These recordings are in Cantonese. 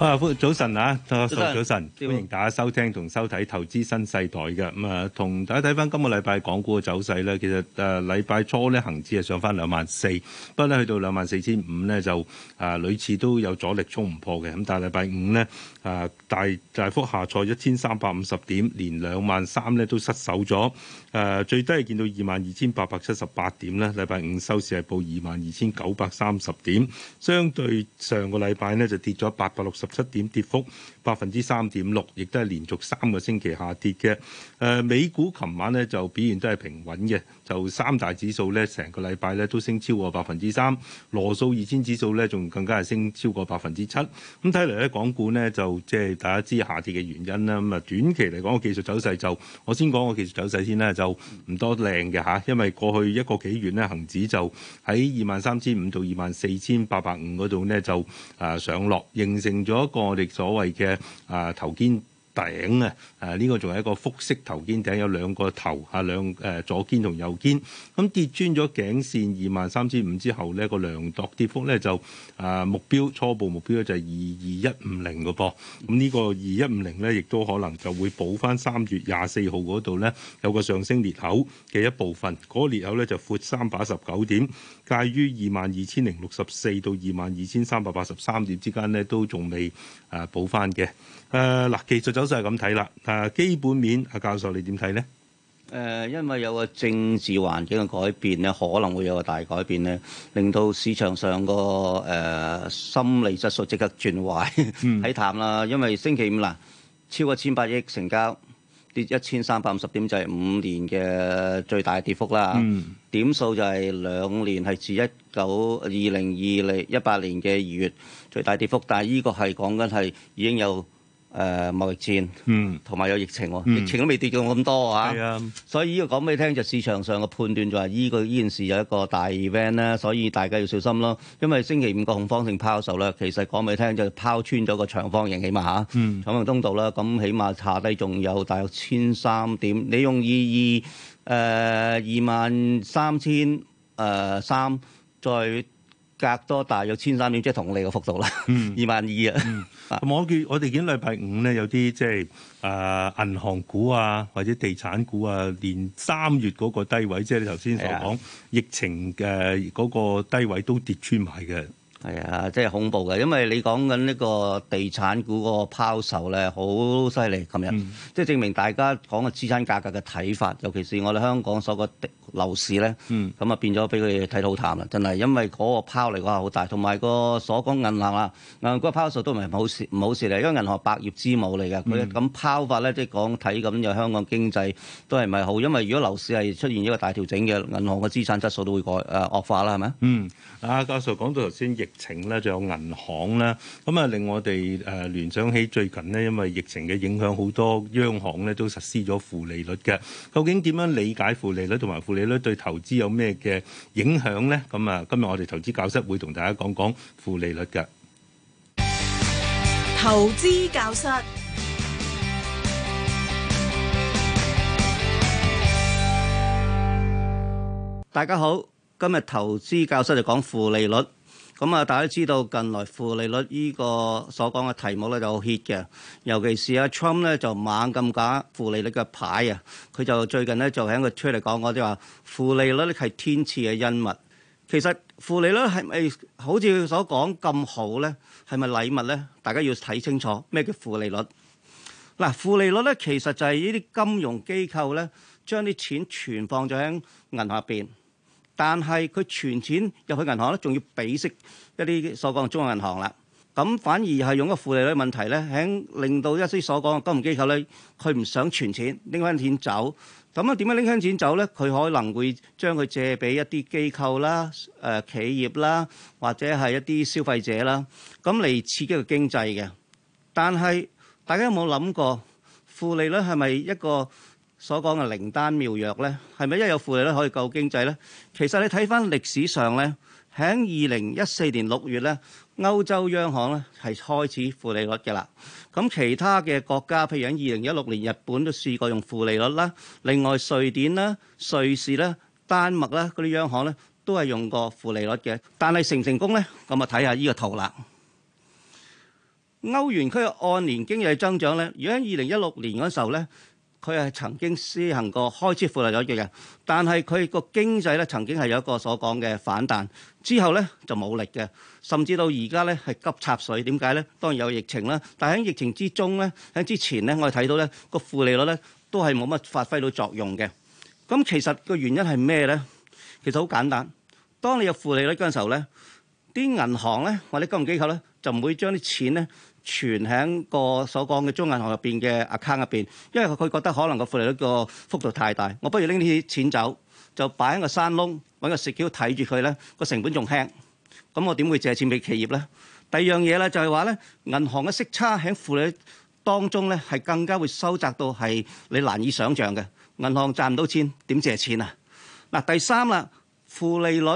啊，早晨啊，早晨，早晨，早晨歡迎大家收聽同收睇《投資新世代》嘅咁啊，同、呃、大家睇翻今個禮拜港股嘅走勢咧，其實誒禮拜初咧，恒指係上翻兩萬四，不過咧去到兩萬四千五咧就啊、呃，屢次都有阻力衝唔破嘅，咁但係禮拜五呢，啊、呃，大大幅下挫一千三百五十點，連兩萬三咧都失守咗。誒、呃，最低係見到二萬二千八百七十八點啦，禮拜五收市係報二萬二千九百三十點，相對上個禮拜呢，就跌咗八百六十。七點，跌幅百分之三點六，亦都係連續三個星期下跌嘅。誒、呃，美股琴晚呢就表現都係平穩嘅，就三大指數呢成個禮拜呢都升超過百分之三，羅素二千指數呢仲更加係升超過百分之七。咁睇嚟咧，港股呢就即係大家知下跌嘅原因啦。咁、嗯、啊，短期嚟講個技術走勢就，我先講個技術走勢先啦，就唔多靚嘅嚇，因為過去一個幾月呢，恒指就喺二萬三千五到二萬四千八百五嗰度呢，就誒上落，形成咗一個我哋所謂嘅啊頭肩頂啊，誒呢個仲係一個複式頭肩頂，有兩個頭啊兩誒、啊、左肩同右肩，咁、啊、跌穿咗頸線二萬三千五之後，呢個量度跌幅呢就啊目標初步目標就係二二一五零個噃，咁呢個二一五零呢，亦都可能就會補翻三月廿四號嗰度呢，有個上升裂口嘅一部分，嗰、那、個裂口呢，就闊三百十九點。介於二萬二千零六十四到二萬二千三百八十三點之間呢都仲未誒補翻嘅。誒、呃、嗱，技術走勢係咁睇啦。誒、呃、基本面，阿教授你點睇呢？誒、呃，因為有個政治環境嘅改變咧，可能會有個大改變咧，令到市場上個誒、呃、心理質素即刻轉壞，睇淡啦。因為星期五嗱，超過千八百億成交。跌一千三百五十點，就係五年嘅最大跌幅啦，嗯、點數就係兩年係自一九二零二零一八年嘅二月最大跌幅，但係呢個係講緊，係已經有。誒、呃、貿易戰，嗯，同埋有疫情喎，疫情都未跌到咁多啊，係啊、嗯，所以呢、這個講俾你聽，就市場上嘅判斷就係、是、依個依件事有一個大 event 咧，所以大家要小心咯。因為星期五個恐慌性拋售咧，其實講俾你聽就拋穿咗個長方形，起碼嚇，長方通道啦。咁起碼下低仲有大約千三點，你用二二誒二萬三千誒三再。隔多大約千三點，即係同你嘅幅度啦，嗯、 二萬二啊、嗯！ 我見我哋見禮拜五咧有啲即係誒、呃、銀行股啊，或者地產股啊，連三月嗰個低位，即係你頭先所講的疫情嘅嗰個低位都跌穿埋嘅。係啊、哎，真係恐怖嘅，因為你講緊呢個地產股嗰個拋售咧，好犀利！琴日即係證明大家講嘅資產價格嘅睇法，尤其是我哋香港所個樓市咧，咁啊、嗯、變咗俾佢哋睇到好淡啦，真係！因為嗰個拋嚟講係好大，同埋個所講銀行啊，銀行個拋售都唔係好事，唔好事嚟，因為銀行百業之母嚟嘅，佢咁、嗯、拋法咧，即係講睇咁，有香港經濟都係唔係好？因為如果樓市係出現一個大調整嘅，銀行嘅資產質素都會改誒惡化啦，係咪？嗯，阿教授講到頭先，亦情咧，就有銀行啦。咁啊，令我哋誒聯想起最近呢，因為疫情嘅影響，好多央行呢都實施咗負利率嘅。究竟點樣理解負利率，同埋負利率對投資有咩嘅影響呢？咁啊，今日我哋投資教室會同大家講講負利率嘅投資教室。大家好，今日投資教室就講負利率。咁啊、嗯，大家知道近來負利率呢個所講嘅題目咧就好 hit 嘅，尤其是阿 Trump 咧就猛咁打負利率嘅牌啊！佢就最近咧就喺個 Twitter 講過，就話負利率係天賜嘅恩物。其實負利率係咪好似佢所講咁好咧？係咪禮物咧？大家要睇清楚咩叫負利率。嗱，負利率咧其實就係呢啲金融機構咧將啲錢存放咗喺銀行入邊。但係佢存錢入去銀行咧，仲要俾息一啲所講嘅中央銀行啦。咁反而係用一個負利率問題咧，喺令到一啲所講嘅金融機構咧，佢唔想存錢，拎翻錢走。咁啊，點樣拎翻錢走咧？佢可能會將佢借俾一啲機構啦、誒、呃、企業啦，或者係一啲消費者啦，咁嚟刺激佢經濟嘅。但係大家有冇諗過負利率係咪一個所講嘅靈丹妙藥呢，係咪一有負利率可以救經濟呢？其實你睇返歷史上呢，喺二零一四年六月呢，歐洲央行呢係開始負利率嘅啦。咁其他嘅國家，譬如喺二零一六年日本都試過用負利率啦，另外瑞典啦、瑞士啦、丹麥啦嗰啲央行呢都係用過負利率嘅。但係成唔成功呢？咁啊，睇下呢個圖啦。歐元區按年經濟增長呢，如果喺二零一六年嗰時候呢。佢係曾經施行過開支負利率嘅，但係佢個經濟咧曾經係有一個所講嘅反彈，之後咧就冇力嘅，甚至到而家咧係急插水。點解咧？當然有疫情啦，但係喺疫情之中咧，喺之前咧，我哋睇到咧個負利率咧都係冇乜發揮到作用嘅。咁其實個原因係咩咧？其實好簡單，當你有負利率嗰陣時候咧，啲銀行咧或者金融機構咧就唔會將啲錢咧。存喺個所講嘅中銀行入邊嘅 account 入邊，因為佢覺得可能個負利率個幅度太大，我不如拎啲錢走，就擺喺個山窿，揾個石橋睇住佢咧，個成本仲輕。咁我點會借錢俾企業咧？第二樣嘢咧就係話咧，銀行嘅息差喺負利率當中咧，係更加會收窄到係你難以想像嘅。銀行賺唔到錢，點借錢啊？嗱，第三啦，負利率，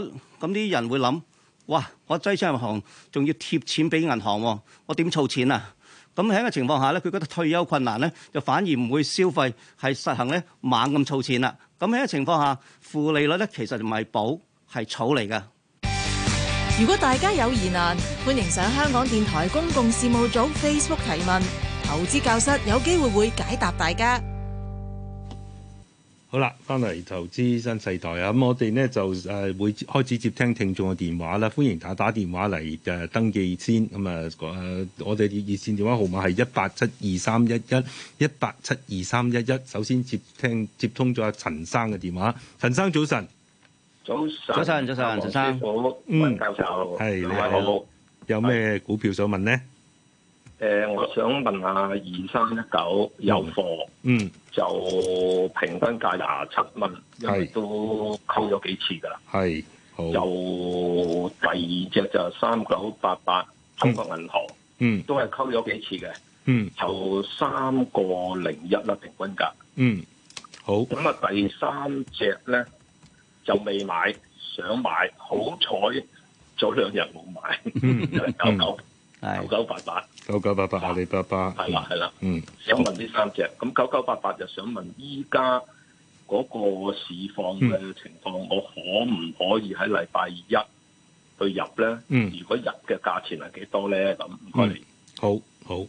咁啲人會諗。哇！我擠錢入銀行，仲要貼錢俾銀行，我點儲錢啊？咁喺個情況下咧，佢覺得退休困難咧，就反而唔會消費，係實行咧猛咁儲錢啦。咁喺個情況下，負利率咧其實唔係保，係儲嚟㗎。如果大家有疑難，歡迎上香港電台公共事務組 Facebook 提問，投資教室有機會會解答大家。好啦，翻嚟投資新世代啊！咁、嗯、我哋呢就誒會、呃、開始接聽聽眾嘅電話啦，歡迎打打電話嚟誒、呃、登記先。咁啊誒，我哋熱熱線電話號碼係一八七二三一一一八七二三一一。首先接聽接通咗阿陳生嘅電話，陳生早晨，早晨，早晨早晨早晨，陳生，嗯，教授，係、嗯、你好，好，有咩股票想問呢？誒、呃，我想問下二三一九有貨、嗯，嗯，就平均價廿七蚊，因為都溝咗幾次噶啦，係、嗯，嗯、就第二隻就三九八八中國銀行嗯，嗯，都係溝咗幾次嘅，嗯，就三個零一啦，平均價、嗯，嗯，好，咁啊第三隻咧就未買，想買，好彩早兩日冇買，九九。九九八八，九九八八，阿里巴巴，係啦的，係啦，嗯，的想問呢三隻，咁、嗯、九九八八就想問依家嗰個市況嘅情況，嗯、我可唔可以喺禮拜一去入咧？嗯、如果入嘅價錢係幾多咧？咁唔該你、嗯。好，好，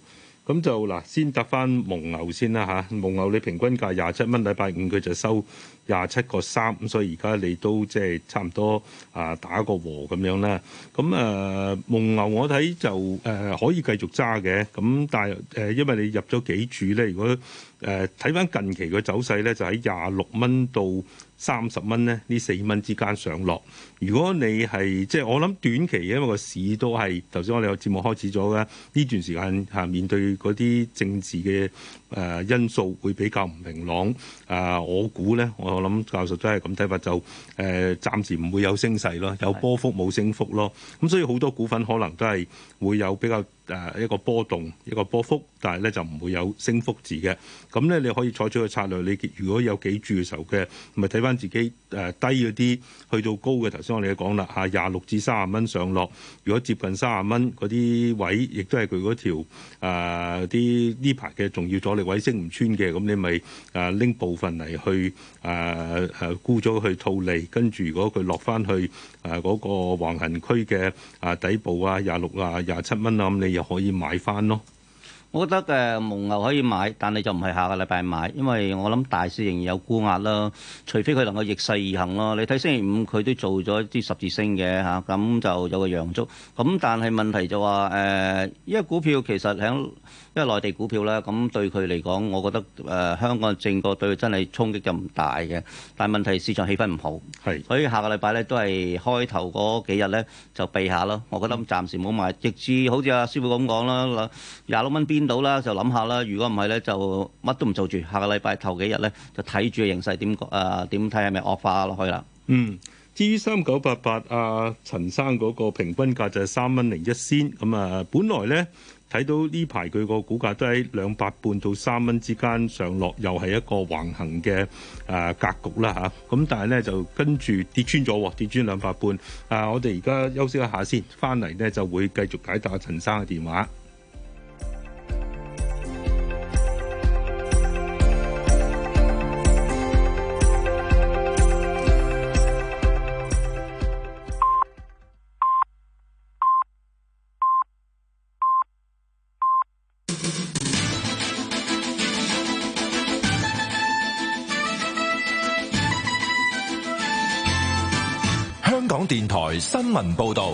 咁就嗱，先答返蒙牛先啦嚇，蒙牛你平均價廿七蚊，禮拜五佢就收。廿七個三，咁所以而家你都即係差唔多啊、呃、打個和咁樣啦。咁誒、呃、蒙牛我睇就誒、呃、可以繼續揸嘅，咁但係誒、呃、因為你入咗幾注咧，如果誒睇翻近期嘅走勢咧，就喺廿六蚊到三十蚊咧呢四蚊之間上落。如果你係即係我諗短期，因為個市都係頭先我哋個節目開始咗啦，呢段時間嚇面對嗰啲政治嘅。誒、呃、因素會比較唔明朗啊、呃，我估咧，我諗教授都係咁睇法，就誒、呃、暫時唔會有升勢咯，有波幅冇升幅咯。咁、呃、所以好多股份可能都係會有比較。誒一個波動一個波幅，但係咧就唔會有升幅字嘅。咁咧你可以採取嘅策略，你如果有幾注嘅時候嘅，咪睇翻自己誒低嗰啲去到高嘅頭先我哋講啦嚇，廿六至三十蚊上落。如果接近三十蚊嗰啲位，亦都係佢嗰條啲呢排嘅重要阻力位升唔穿嘅，咁你咪誒拎部分嚟去誒誒沽咗去套利。跟住如果佢落翻去誒嗰個橫行區嘅誒底部啊，廿六啊廿七蚊啊咁你。又可以買翻咯～我覺得誒蒙牛可以買，但係就唔係下個禮拜買，因為我諗大市仍然有沽壓啦。除非佢能夠逆勢而行咯。你睇星期五佢都做咗啲十字星嘅嚇，咁就有個陽燭。咁但係問題就話誒，因為股票其實喺因為內地股票咧，咁對佢嚟講，我覺得誒香港嘅政局對佢真係衝擊就唔大嘅。但係問題市場氣氛唔好，係，所以下個禮拜咧都係開頭嗰幾日咧就避下咯。我覺得暫時冇買，直至好似阿師傅咁講啦，廿六蚊邊？到啦就諗下啦，如果唔係咧就乜都唔做住，下個禮拜頭幾日咧就睇住個形勢點，誒點睇係咪惡化落去啦？嗯，至於三九八八啊，陳生嗰個平均價就係三蚊零一仙咁啊，本來咧睇到呢排佢個股價都喺兩百半到三蚊之間上落，又係一個橫行嘅誒格局啦嚇。咁、啊、但係咧就跟住跌穿咗喎，跌穿兩百半。啊，我哋而家休息一下先，翻嚟咧就會繼續解答陳生嘅電話。電台新聞報道，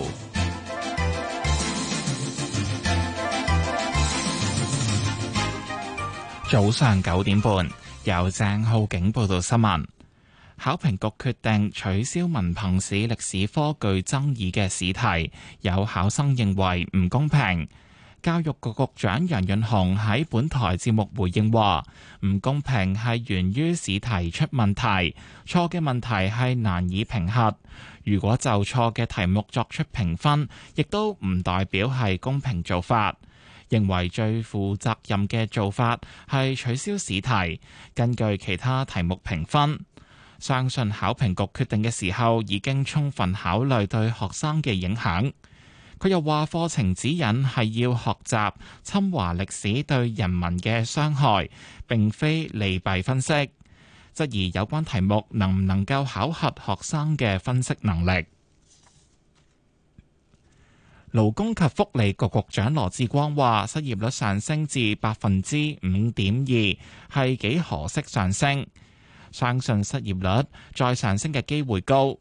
早上九點半由鄭浩景報道新聞。考評局決定取消文憑試歷史科具爭議嘅試題，有考生認為唔公平。教育局局長楊潤雄喺本台節目回應話：唔公平係源於試題出問題，錯嘅問題係難以評核。如果就錯嘅題目作出評分，亦都唔代表係公平做法。認為最負責任嘅做法係取消試題，根據其他題目評分。相信考評局決定嘅時候已經充分考慮對學生嘅影響。佢又話課程指引係要學習侵華歷史對人民嘅傷害，並非利弊分析。質疑有關題目能唔能夠考核學生嘅分析能力？勞工及福利局局長羅致光話：失業率上升至百分之五點二，係幾何式上升，相信失業率再上升嘅機會高。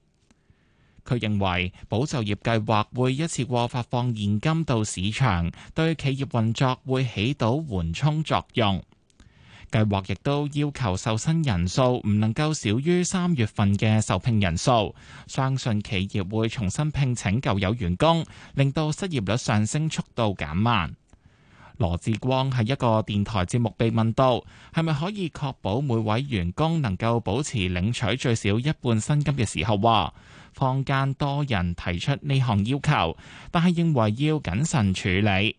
佢認為保就業計劃會一次過發放現金到市場，對企業運作會起到緩衝作用。計劃亦都要求受薪人數唔能夠少於三月份嘅受聘人數，相信企業會重新聘請舊有員工，令到失業率上升速度減慢。羅致光喺一個電台節目被問到係咪可以確保每位員工能夠保持領取最少一半薪金嘅時候，話坊間多人提出呢項要求，但係認為要謹慎處理。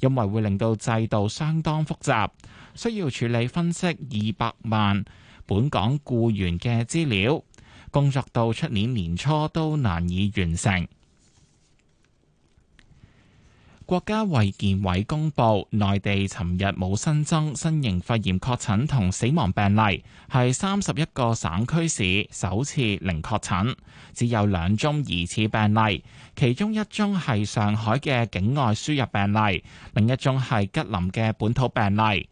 因為會令到制度相當複雜，需要處理分析二百萬本港僱員嘅資料，工作到出年年初都難以完成。國家衛健委公布，內地尋日冇新增新型肺炎確診同死亡病例，係三十一個省區市首次零確診，只有兩宗疑似病例，其中一宗係上海嘅境外輸入病例，另一宗係吉林嘅本土病例。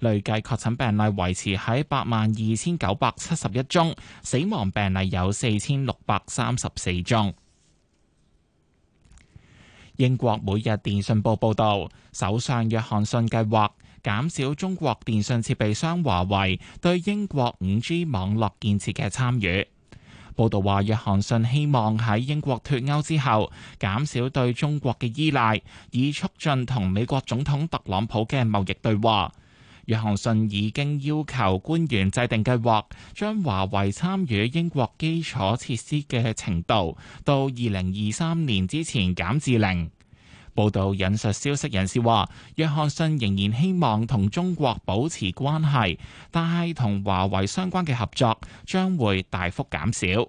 累計確診病例維持喺八萬二千九百七十一宗，死亡病例有四千六百三十四宗。英國每日電訊報報導，首相約翰遜計劃減少中國電信設備商華為對英國五 G 網絡建設嘅參與。報道話，約翰遜希望喺英國脱歐之後減少對中國嘅依賴，以促進同美國總統特朗普嘅貿易對話。約翰遜已經要求官員制定計劃，將華為參與英國基礎設施嘅程度到二零二三年之前減至零。報道引述消息人士話，約翰遜仍然希望同中國保持關係，但係同華為相關嘅合作將會大幅減少。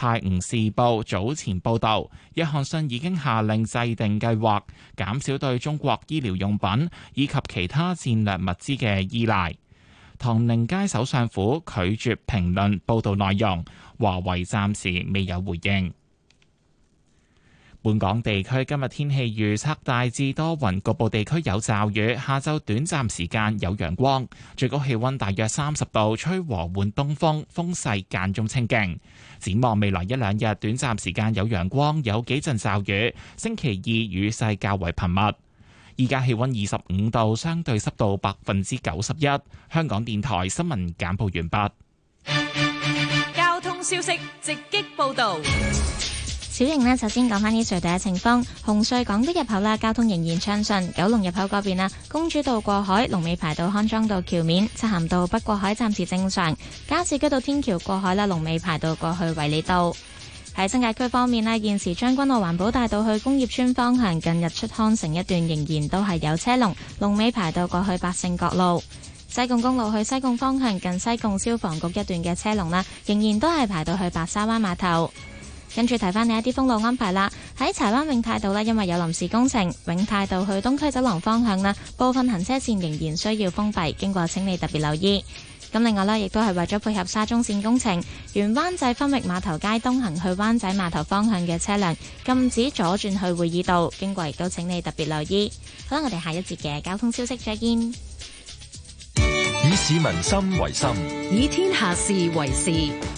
泰晤士報早前報道，約翰遜已經下令制定計劃，減少對中國醫療用品以及其他戰略物資嘅依賴，唐寧街首相府拒絕評論報道內容，華為暫時未有回應。本港地區今日天氣預測大致多雲，局部地區有驟雨，下晝短暫時間有陽光，最高氣溫大約三十度，吹和緩東風，風勢間中清勁。展望未來一兩日，短暫時間有陽光，有幾陣驟雨，星期二雨勢較為頻密。依家氣溫二十五度，相對濕度百分之九十一。香港電台新聞簡報完畢。交通消息直擊報道。小盈呢，首先講返呢隧道嘅情況。紅隧港島入口啦，交通仍然暢順。九龍入口嗰邊啊，公主道過海龍尾排到康莊道橋面；漆咸道北過海暫時正常。加士居道天橋過海啦，龍尾排到過去衛理道。喺新界區方面咧，現時將軍澳環保大道去工業村方向近日出康城一段仍然都係有車龍，龍尾排到過去百勝角路。西貢公路去西貢方向近西貢消防局一段嘅車龍啦，仍然都係排到去白沙灣碼頭。跟住提翻你一啲封路安排啦，喺柴灣永泰道呢，因為有臨時工程，永泰道去東區走廊方向呢部分行車線仍然需要封閉，經過請你特別留意。咁另外咧，亦都係為咗配合沙中綫工程，沿灣仔分域碼頭街東行去灣仔碼頭方向嘅車輛禁止左轉去會議道，經過亦都請你特別留意。好啦，我哋下一節嘅交通消息再見。以市民心為心，以天下事為事。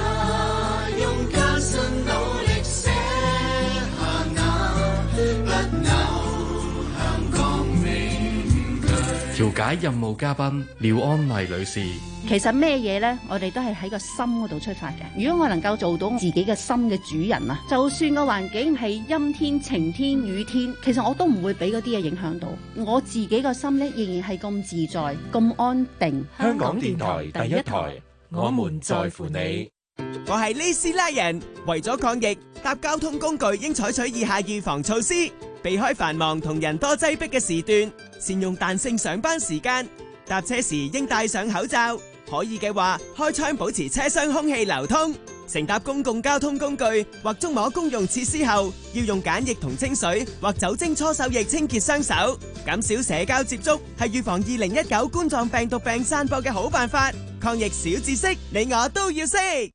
解任務嘉賓廖安麗女士，其實咩嘢咧？我哋都係喺個心嗰度出發嘅。如果我能夠做到自己嘅心嘅主人啦，就算個環境係陰天、晴天、雨天，其實我都唔會俾嗰啲嘢影響到我自己個心咧，仍然係咁自在、咁安定。香港電台第一台，我們在乎你。我係雷斯拉人，為咗抗疫搭交通工具應採取以下預防措施。避開繁忙同人多擠迫嘅時段，善用彈性上班時間。搭車時應戴上口罩，可以嘅話開窗保持車廂空氣流通。乘搭公共交通工具或觸摸公用設施後，要用梘液同清水或酒精搓手液清潔雙手。減少社交接觸係預防二零一九冠狀病毒病散播嘅好辦法。抗疫小知識，你我都要識。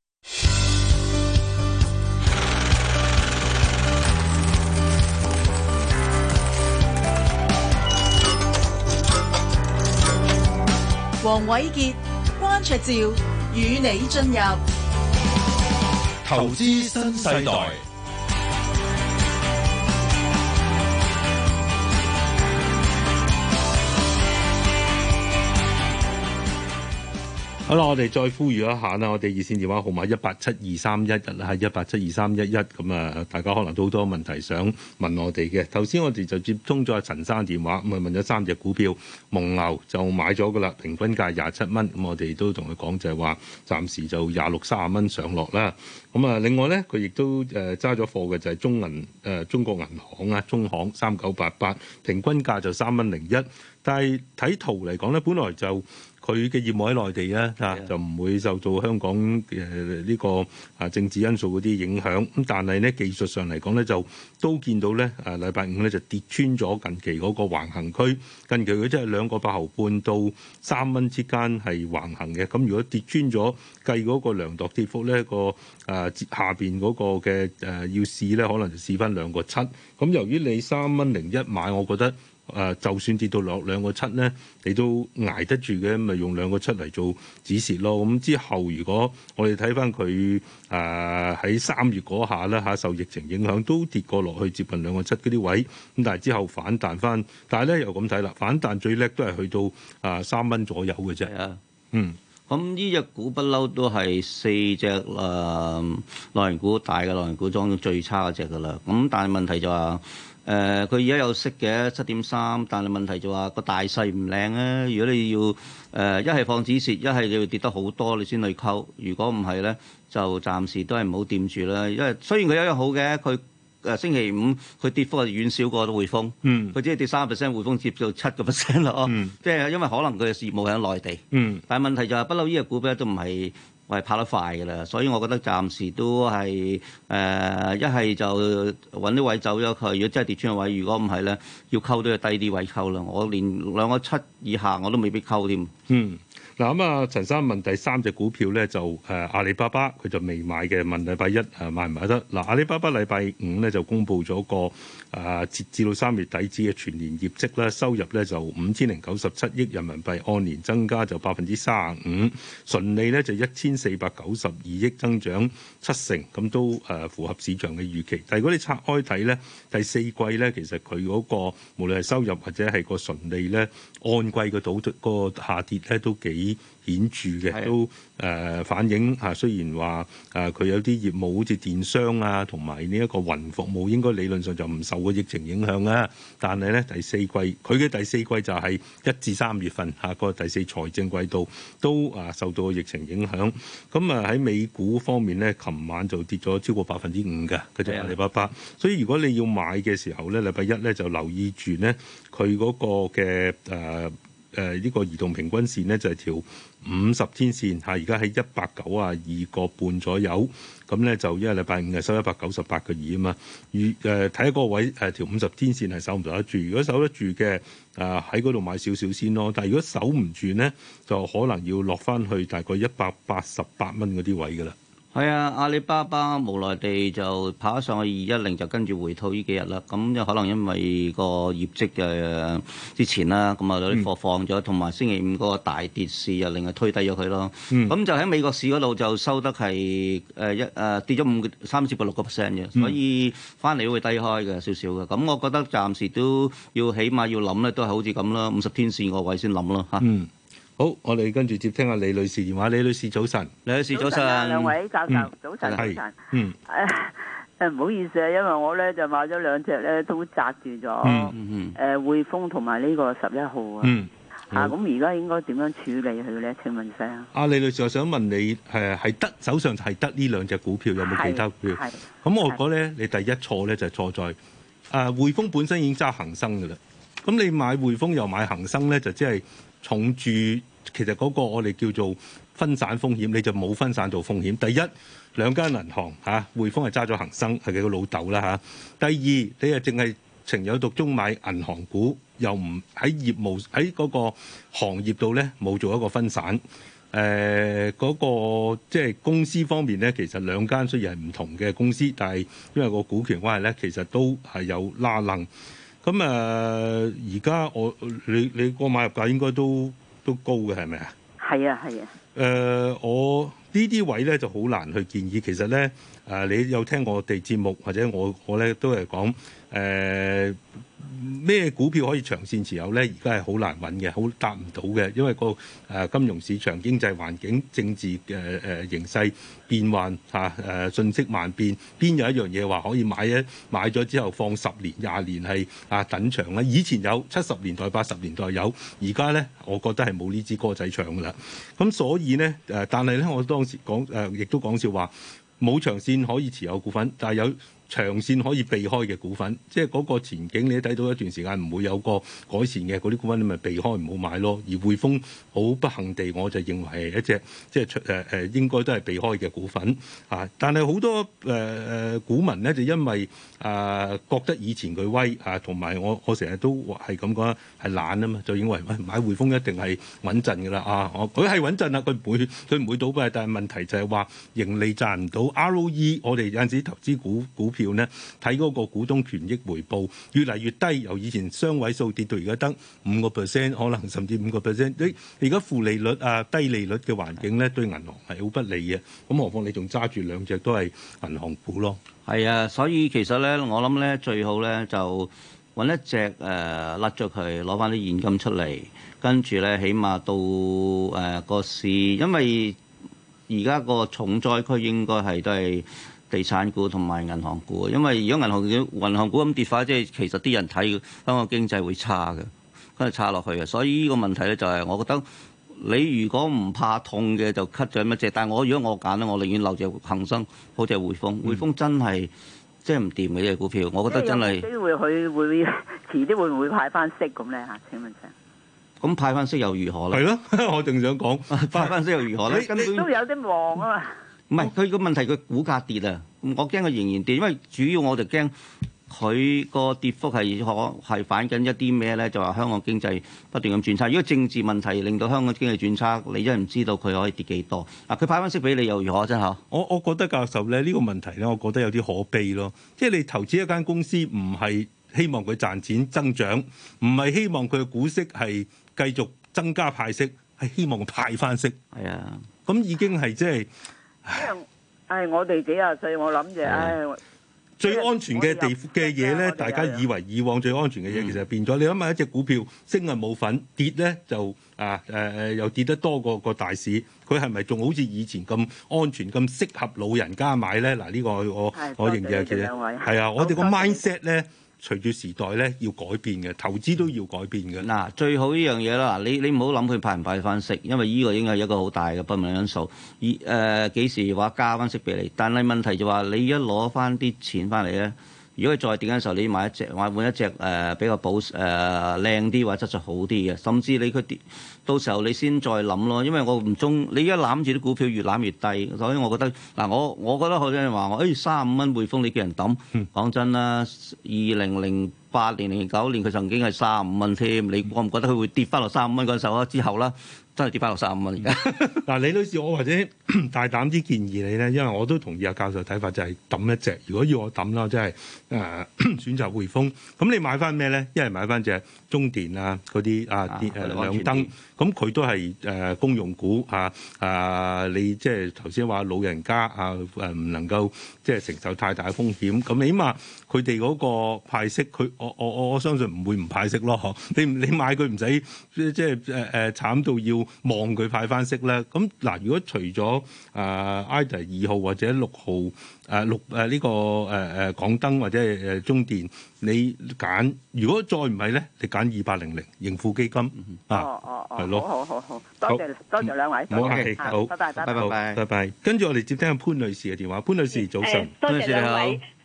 黃瑋傑、關焯照與你進入投資新世代。好啦，我哋再呼籲一下啦，我哋熱線電話號碼一八七二三一一啦，係一八七二三一一咁啊，大家可能都好多問題想問我哋嘅。頭先我哋就接通咗阿陳生電話，咪問咗三隻股票，蒙牛就買咗噶啦，平均價廿七蚊，咁我哋都同佢講就係話，暫時就廿六三十蚊上落啦。咁啊，另外咧，佢亦都誒揸咗貨嘅就係中銀誒、呃、中國銀行啊，中行三九八八，平均價就三蚊零一，但係睇圖嚟講咧，本來就。佢嘅業務喺內地啊，吓的就唔會受到香港嘅呢、呃呢個啊政治因素嗰啲影響。咁但係咧，技術上嚟講咧，就都見到咧啊，禮拜五咧就跌穿咗近期嗰個橫行區。近期佢即係兩個八毫半到三蚊之間係橫行嘅。咁如果跌穿咗，計嗰個量度跌幅咧，嗰個啊、呃、下邊嗰個嘅誒、呃、要試咧，可能就試返兩個七。咁由於你三蚊零一買，我覺得。誒、呃，就算跌到落兩個七咧，你都捱得住嘅，咪用兩個七嚟做止蝕咯。咁、嗯、之後，如果我哋睇翻佢誒喺三月嗰下咧嚇、啊，受疫情影響都跌過落去接近兩個七嗰啲位，咁但係之後反彈翻，但係咧又咁睇啦，反彈最叻都係去到啊三蚊左右嘅啫。啊、嗯，咁呢隻股不嬲都係四隻誒內銀股大嘅內銀股中最差嗰隻㗎啦。咁但係問題就係、是。誒，佢而家有息嘅七點三，但係問題就話、是、個大勢唔靚啊！如果你要誒一係放止蝕，一係你要跌得好多你先去溝，如果唔係咧，就暫時都係唔好掂住啦。因為雖然佢有一樣好嘅，佢誒、呃、星期五佢跌幅係遠少過都匯豐，佢只係跌三個 percent，匯豐跌到七個 percent 啦。哦，即係、嗯、 因為可能佢嘅業務喺內地，但係問題就係不嬲呢個股票都唔係。我係跑得快嘅啦，所以我覺得暫時都係誒，一、呃、係就揾啲位走咗佢。如果真係跌穿個位，如果唔係咧，要溝都要低啲位溝啦。我連兩個七以下我都未必溝添。嗯。嗱啊、嗯，陳生問第三隻股票咧就誒阿里巴巴，佢就未買嘅，問禮拜一誒、啊、買唔買得？嗱、啊，阿里巴巴禮拜五咧就公布咗個誒截、啊、至到三月底止嘅全年業績咧，收入咧就五千零九十七億人民幣，按年增加就百分之三十五，純利咧就一千四百九十二億增長七成，咁都誒符合市場嘅預期。但如果你拆開睇咧，第四季咧其實佢嗰、嗰個無論係收入或者係個純利咧。按季嘅倒、個下跌咧都幾顯著嘅都誒、呃、反映嚇、啊，雖然話誒佢有啲業務好似電商啊，同埋呢一個雲服務，應該理論上就唔受個疫情影響啊。但係咧第四季，佢嘅第四季就係一至三月份，下、啊、個第四財政季度都啊受到疫情影響。咁啊喺美股方面咧，琴晚就跌咗超過百分之五㗎，佢就阿里巴巴。所以如果你要買嘅時候咧，禮拜一咧就留意住咧，佢嗰個嘅誒。呃誒呢、呃呢個移動平均線呢，就係、係、條五十天線嚇，而家喺一百九啊二個半左右，咁呢，就因為禮拜五係收一百九十八個二啊嘛，如誒睇下個位誒、呃、條五十天線係守唔守得住？如果守得住嘅，誒喺嗰度買少少先咯。但係如果守唔住呢，就可能要落翻去大概一百八十八蚊嗰啲位㗎啦。係啊，阿里巴巴無奈地就跑上去二一零，就跟住回吐呢幾日啦。咁就可能因為個業績就之前啦，咁啊有啲貨放咗，同埋、嗯、星期五嗰個大跌市又令佢推低咗佢咯。咁、嗯、就喺美國市嗰度就收得係誒一誒跌咗五三至八六個 percent 嘅，所以翻嚟都會低開嘅少少嘅。咁我覺得暫時都要起碼要諗咧，都係好似咁啦，五十天線個位先諗啦嚇。嗯好，我哋跟住接聽阿李女士電話。李女士早晨，李女士早晨，早晨啊、兩位教教、嗯、早晨早晨，是嗯，誒唔、啊、好意思啊，因為我咧就買咗兩隻咧都揸住咗、嗯，嗯嗯嗯，誒匯豐同埋呢個十一號啊，嗯，咁而家應該點樣處理佢咧？請問聲啊，阿李女士，我想問你誒係得手上係得呢兩隻股票，有冇其他股票？咁我講咧，你第一錯咧就係錯在誒匯、啊、豐本身已經揸恒生噶啦，咁你買匯豐又買恒生咧，就即係。重注其實嗰個我哋叫做分散風險，你就冇分散做風險。第一兩間銀行嚇，匯豐係揸咗恒生係佢老豆啦嚇。第二你係淨係情有獨鍾買銀行股，又唔喺業務喺嗰個行業度咧冇做一個分散。誒嗰個即係公司方面咧，其實兩間雖然係唔同嘅公司，但係因為個股權關係咧，其實都係有拉楞。咁誒，而家、嗯呃、我你你個買入價應該都都高嘅係咪啊？係啊，係啊。誒，我呢啲位咧就好難去建議。其實咧，誒、呃，你有聽我哋節目或者我我咧都係講。誒咩、呃、股票可以長線持有呢？而家係好難揾嘅，好答唔到嘅，因為個誒金融市場、經濟環境、政治嘅誒、呃、形勢變幻嚇誒瞬息萬變，邊有一樣嘢話可以買咧？買咗之後放十年廿年係啊等長咧？以前有七十年代八十年代有，而家呢我覺得係冇呢支歌仔唱噶啦。咁所以呢，誒，但係呢，我當時講誒，亦、呃、都講笑話，冇長線可以持有股份，但係有。長線可以避開嘅股份，即係嗰個前景你睇到一段時間唔會有個改善嘅，嗰啲股份你咪避開唔好買咯。而匯豐好不幸地，我就認為係一隻即係出誒誒應該都係避開嘅股份啊。但係好多誒誒、呃、股民咧就因為。誒、啊、覺得以前佢威啊，同埋我我成日都係咁講，係懶啊嘛，就認為買匯豐一定係穩陣嘅啦啊！我佢係穩陣啊，佢唔會佢唔會倒閉，但係問題就係話盈利賺唔到 ROE，我哋有陣時投資股股票呢，睇嗰個股東權益回報越嚟越低，由以前雙位數跌到而家得五個 percent，可能甚至五個 percent。你而家負利率啊、低利率嘅環境呢，對銀行係好不利嘅。咁何況你仲揸住兩隻都係銀行股咯？係啊，所以其實咧，我諗咧最好咧就揾一隻誒、呃、甩咗佢，攞翻啲現金出嚟，跟住咧起碼到誒個、呃、市，因為而家個重災區應該係都係地產股同埋銀行股，因為如果銀行股、銀行股咁跌法，即係其實啲人睇香港經濟會差嘅，跟住差落去嘅，所以呢個問題咧就係、是、我覺得。你如果唔怕痛嘅就 cut 咗乜隻，但係我如果我揀咧，我寧願留隻恒生，好似係匯豐，嗯、匯豐真係即係唔掂嘅呢隻股票，我覺得真係機會佢會遲啲會唔會，會派翻息咁咧嚇？請問先，咁派翻息又如何咧？係咯， 我淨想講派翻息又如何咧？佢你本都有啲忙啊嘛，唔係佢個問題，佢股價跌啊，我驚佢仍然跌，因為主要我就驚。佢個跌幅係可係反緊一啲咩呢？就話香港經濟不斷咁轉差，如果政治問題令到香港經濟轉差，你真係唔知道佢可以跌幾多。啊，佢派翻息俾你又如何？真嚇。我我覺得教授咧呢、呢個問題呢，我覺得有啲可悲咯。即係你投資一間公司，唔係希望佢賺錢增長，唔係希望佢嘅股息係繼續增加派息，係希望派翻息。係啊，咁已經係即係。唉，哎、我哋幾廿歲，我諗就.最安全嘅地嘅嘢咧，大家以為以往最安全嘅嘢，嗯、其實變咗。你諗下，一隻股票升係冇份，跌咧就啊誒誒，又跌得多過個大市，佢係咪仲好似以前咁安全咁適合老人家買咧？嗱，呢個我的我認認謝其實係啊，我哋個 mindset 咧。隨住時代咧要改變嘅，投資都要改變嘅。嗱，最好呢樣嘢啦。你你唔好諗佢派唔派翻息，因為呢個應該係一個好大嘅不明因素。而誒幾時話加翻息俾你？但係問題就話、是、你一攞翻啲錢翻嚟咧，如果你再跌緊時候，你買一隻買換一隻誒、呃、比較保誒靚啲或者質素好啲嘅，甚至你佢到時候你先再諗咯，因為我唔中你一攬住啲股票越攬越低，所以我覺得嗱，我我覺得有啲人話我誒三十五蚊匯豐你叫人抌，講真啦，二零零八年零九年佢曾經係三十五蚊添，你覺唔覺得佢會跌翻落三十五蚊嗰時候啊？之後啦。都係跌翻六三五蚊而家，嗱， 李女士，我或者大膽啲建議你咧，因為我都同意阿教授睇法，就係、是、揼一隻。如果要我揼啦，即係誒選擇匯豐。咁你買翻咩咧？一係買翻隻中電啊，嗰啲啊電誒兩燈。咁佢、嗯啊、都係誒公用股啊啊！你即係頭先話老人家啊誒唔能夠即係承受太大風險。咁起碼。佢哋嗰個派息，佢我我我相信唔會唔派息咯。你你買佢唔使即係誒誒慘到要望佢派翻息咧。咁嗱，如果除咗啊，I 二號或者六號誒六誒呢個誒誒港燈或者係誒中電，你揀。如果再唔係咧，你揀二八零零盈富基金啊。哦哦哦，好好好好，多謝多謝兩位，唔好客氣，好，拜拜，拜拜，拜拜。跟住我哋接聽潘女士嘅電話，潘女士早晨，潘女士好。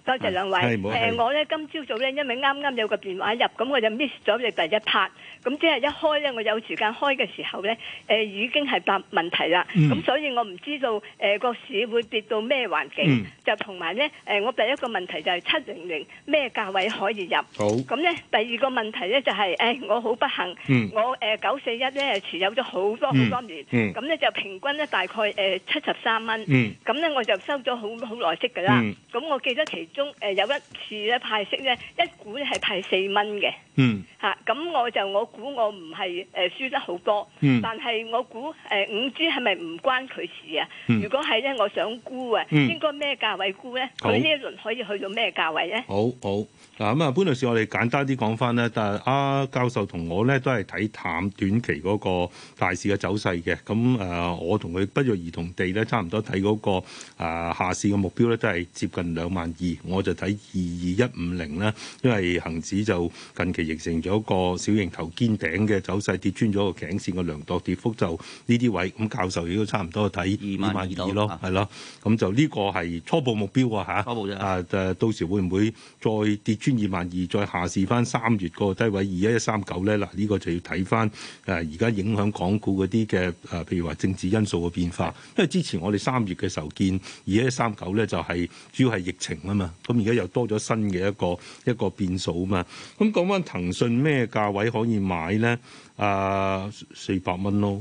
多謝兩位。誒、啊呃，我咧今朝早咧，因為啱啱有個電話入，咁我就 miss 咗你第一 part。咁即係一開咧，我有時間開嘅時候咧，誒、呃、已經係答問題啦。咁、嗯、所以我唔知道誒個、呃、市會跌到咩環境。嗯、就同埋咧，誒、呃、我第一個問題就係七零零咩價位可以入？好。咁咧第二個問題咧就係、是、誒、欸、我好不幸，嗯、我誒九四一咧持有咗好多好多年。嗯。咁、嗯、咧就平均咧大概誒七十三蚊。呃、嗯。咁咧我就收咗好好耐息㗎啦。嗯。咁我記得其。中誒、呃、有一次咧派息咧，一股係派四蚊嘅。嚇咁、嗯啊、我就我估我唔係誒輸得好多，嗯、但係我估誒、呃、五 G 係咪唔關佢事啊？嗯、如果係咧，我想沽啊，嗯、應該咩價位沽咧？佢呢好一輪可以去到咩價位咧？好好。嗱咁啊，潘律師，我哋簡單啲講翻咧，但係阿、啊、教授同我咧都係睇淡短期嗰個大市嘅走勢嘅。咁誒、啊，我同佢不約而同地咧，差唔多睇嗰、那個、啊、下市嘅目標咧，都係接近兩萬二。我就睇二二一五零啦，因為恒指就近期形成咗個小型頭肩頂嘅走勢，跌穿咗個頸線嘅量度跌幅就呢啲位。咁教授亦都差唔多睇二萬二咯、啊，係咯、啊。咁就呢個係初步目標啊嚇。初步啫。誒、啊，到時會唔會再跌穿？二萬二再下試翻三月個低位二一一三九咧，嗱呢個就要睇翻誒而家影響港股嗰啲嘅誒，譬如話政治因素嘅變化。因為之前我哋三月嘅時候見二一一三九咧，就係主要係疫情啊嘛。咁而家又多咗新嘅一個一個變數啊嘛。咁講翻騰訊咩價位可以買咧？誒四百蚊咯，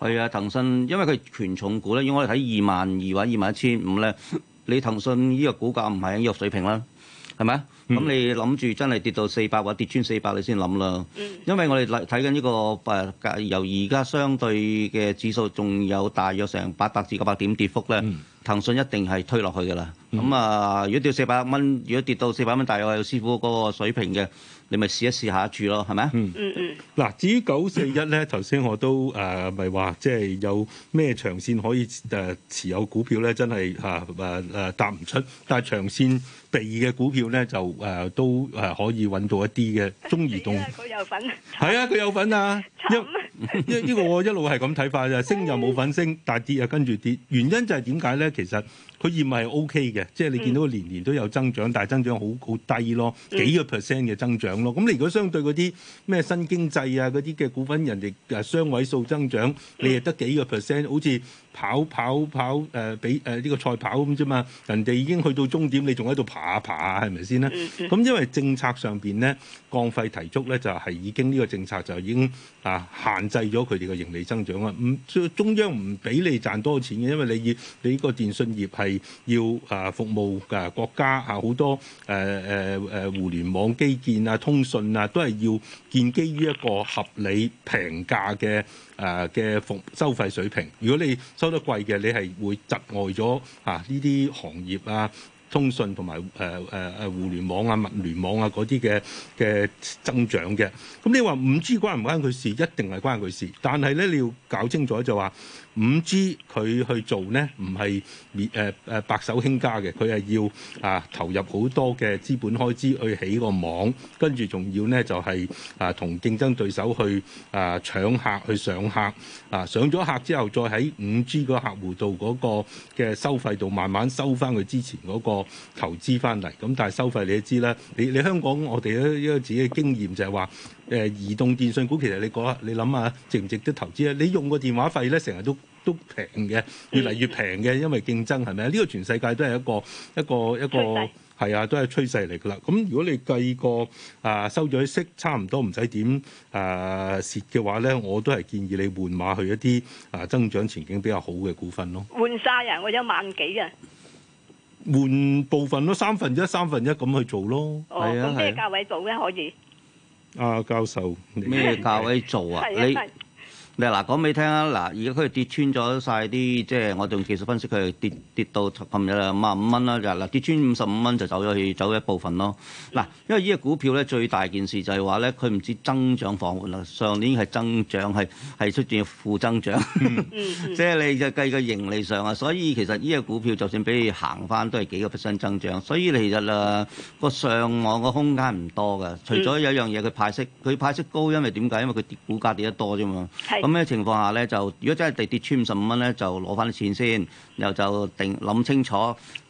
係啊，騰訊因為佢係權重股咧，因為我哋睇二萬二或者二萬一千五咧，你騰訊呢個股價唔係喺呢個水平啦，係咪啊？咁、嗯、你諗住真係跌到四百或者跌穿四百，你先諗啦。因為我哋睇緊呢個誒、呃、由而家相對嘅指數，仲有大約成八百至九百點跌幅咧。騰訊、嗯、一定係推落去㗎啦。咁啊、嗯，如果跌四百蚊，如果跌到四百蚊，大約有師傅嗰個水平嘅。你咪試一試下住咯，係咪嗯嗯嗯。嗱、嗯，至於九四一咧，頭先我都誒咪話，即係有咩長線可以誒持有股票咧，真係啊誒誒答唔出。但係長線避嘅股票咧，就誒都誒可以揾到一啲嘅。中移動。佢、哎、有份？係啊，佢有份啊。因慘因為呢 個我一路係咁睇法，就升又冇份升，大跌又跟住跌。原因就係點解咧？其實。佢業務係 O K 嘅，即係你見到年年都有增長，但係增長好好低咯，幾個 percent 嘅增長咯。咁你如果相對嗰啲咩新經濟啊嗰啲嘅股份，人哋誒雙位數增長，你又得幾個 percent，好似，跑跑、呃呃這個、跑誒比誒呢個賽跑咁啫嘛，人哋已經去到終點，你仲喺度爬下爬下係咪先咧？咁、嗯嗯、因為政策上邊咧降費提速咧就係已經呢、這個政策就已經啊限制咗佢哋嘅盈利增長啦。咁中央唔俾你賺多錢嘅，因為你要你呢個電信業係要啊服務嘅國家啊，好多誒誒誒互聯網基建啊、通訊啊都係要建基於一個合理平價嘅。誒嘅、啊、服收費水平，如果你收得貴嘅，你係會窒礙咗啊呢啲行業啊，通訊同埋誒誒誒互聯網啊、物聯網啊嗰啲嘅嘅增長嘅。咁、嗯、你話唔知關唔關佢事？一定係關佢事。但係咧，你要搞清楚就話。五 G 佢去做呢，唔係誒誒白手興家嘅，佢係要啊投入好多嘅資本開支去起個網，跟住仲要呢就係啊同競爭對手去啊搶客去上客。啊！上咗客之後，再喺五 G 客戶個客戶度嗰個嘅收費度，慢慢收翻佢之前嗰個投資翻嚟。咁但係收費你都知啦，你你香港我哋咧一個自己嘅經驗就係話，誒、呃、移動電信股其實你講，你諗下值唔值得投資咧？你用個電話費咧，成日都都平嘅，越嚟越平嘅，因為競爭係咪啊？呢、呢個全世界都係一個一個一個。一個一個一個係啊，都係趨勢嚟噶啦。咁如果你計過啊收咗息差唔多，唔使點誒蝕嘅話咧，我都係建議你換馬去一啲啊增長前景比較好嘅股份咯。換曬啊！我一萬幾啊。換部分咯，三分一三分一咁去做咯。哦，咁咩價位做咧可以？阿教授，咩價位做啊？你？嗱，嗱講俾你聽啊！嗱，而家佢跌穿咗晒啲，即、就、係、是、我用技術分析，佢跌跌到琴日兩萬五蚊啦。就係嗱，跌穿五十五蚊就走咗去，走去一部分咯。嗱、嗯，因為呢隻股票咧，最大件事就係話咧，佢唔知增長放緩啦。上年係增長，係係出現負增長。即係、嗯嗯、 你就計個盈利上啊，所以其實呢隻股票就算俾你行翻，都係幾個 percent 增長。所以其實誒個上望個空間唔多噶。除咗有一樣嘢，佢派息，佢派息高因為為，因為點解？因為佢跌，股價跌得多啫嘛。嗯嗯咁嘅情況下咧，就如果真係地跌穿五十五蚊咧，就攞翻啲錢先，然後就定諗清楚，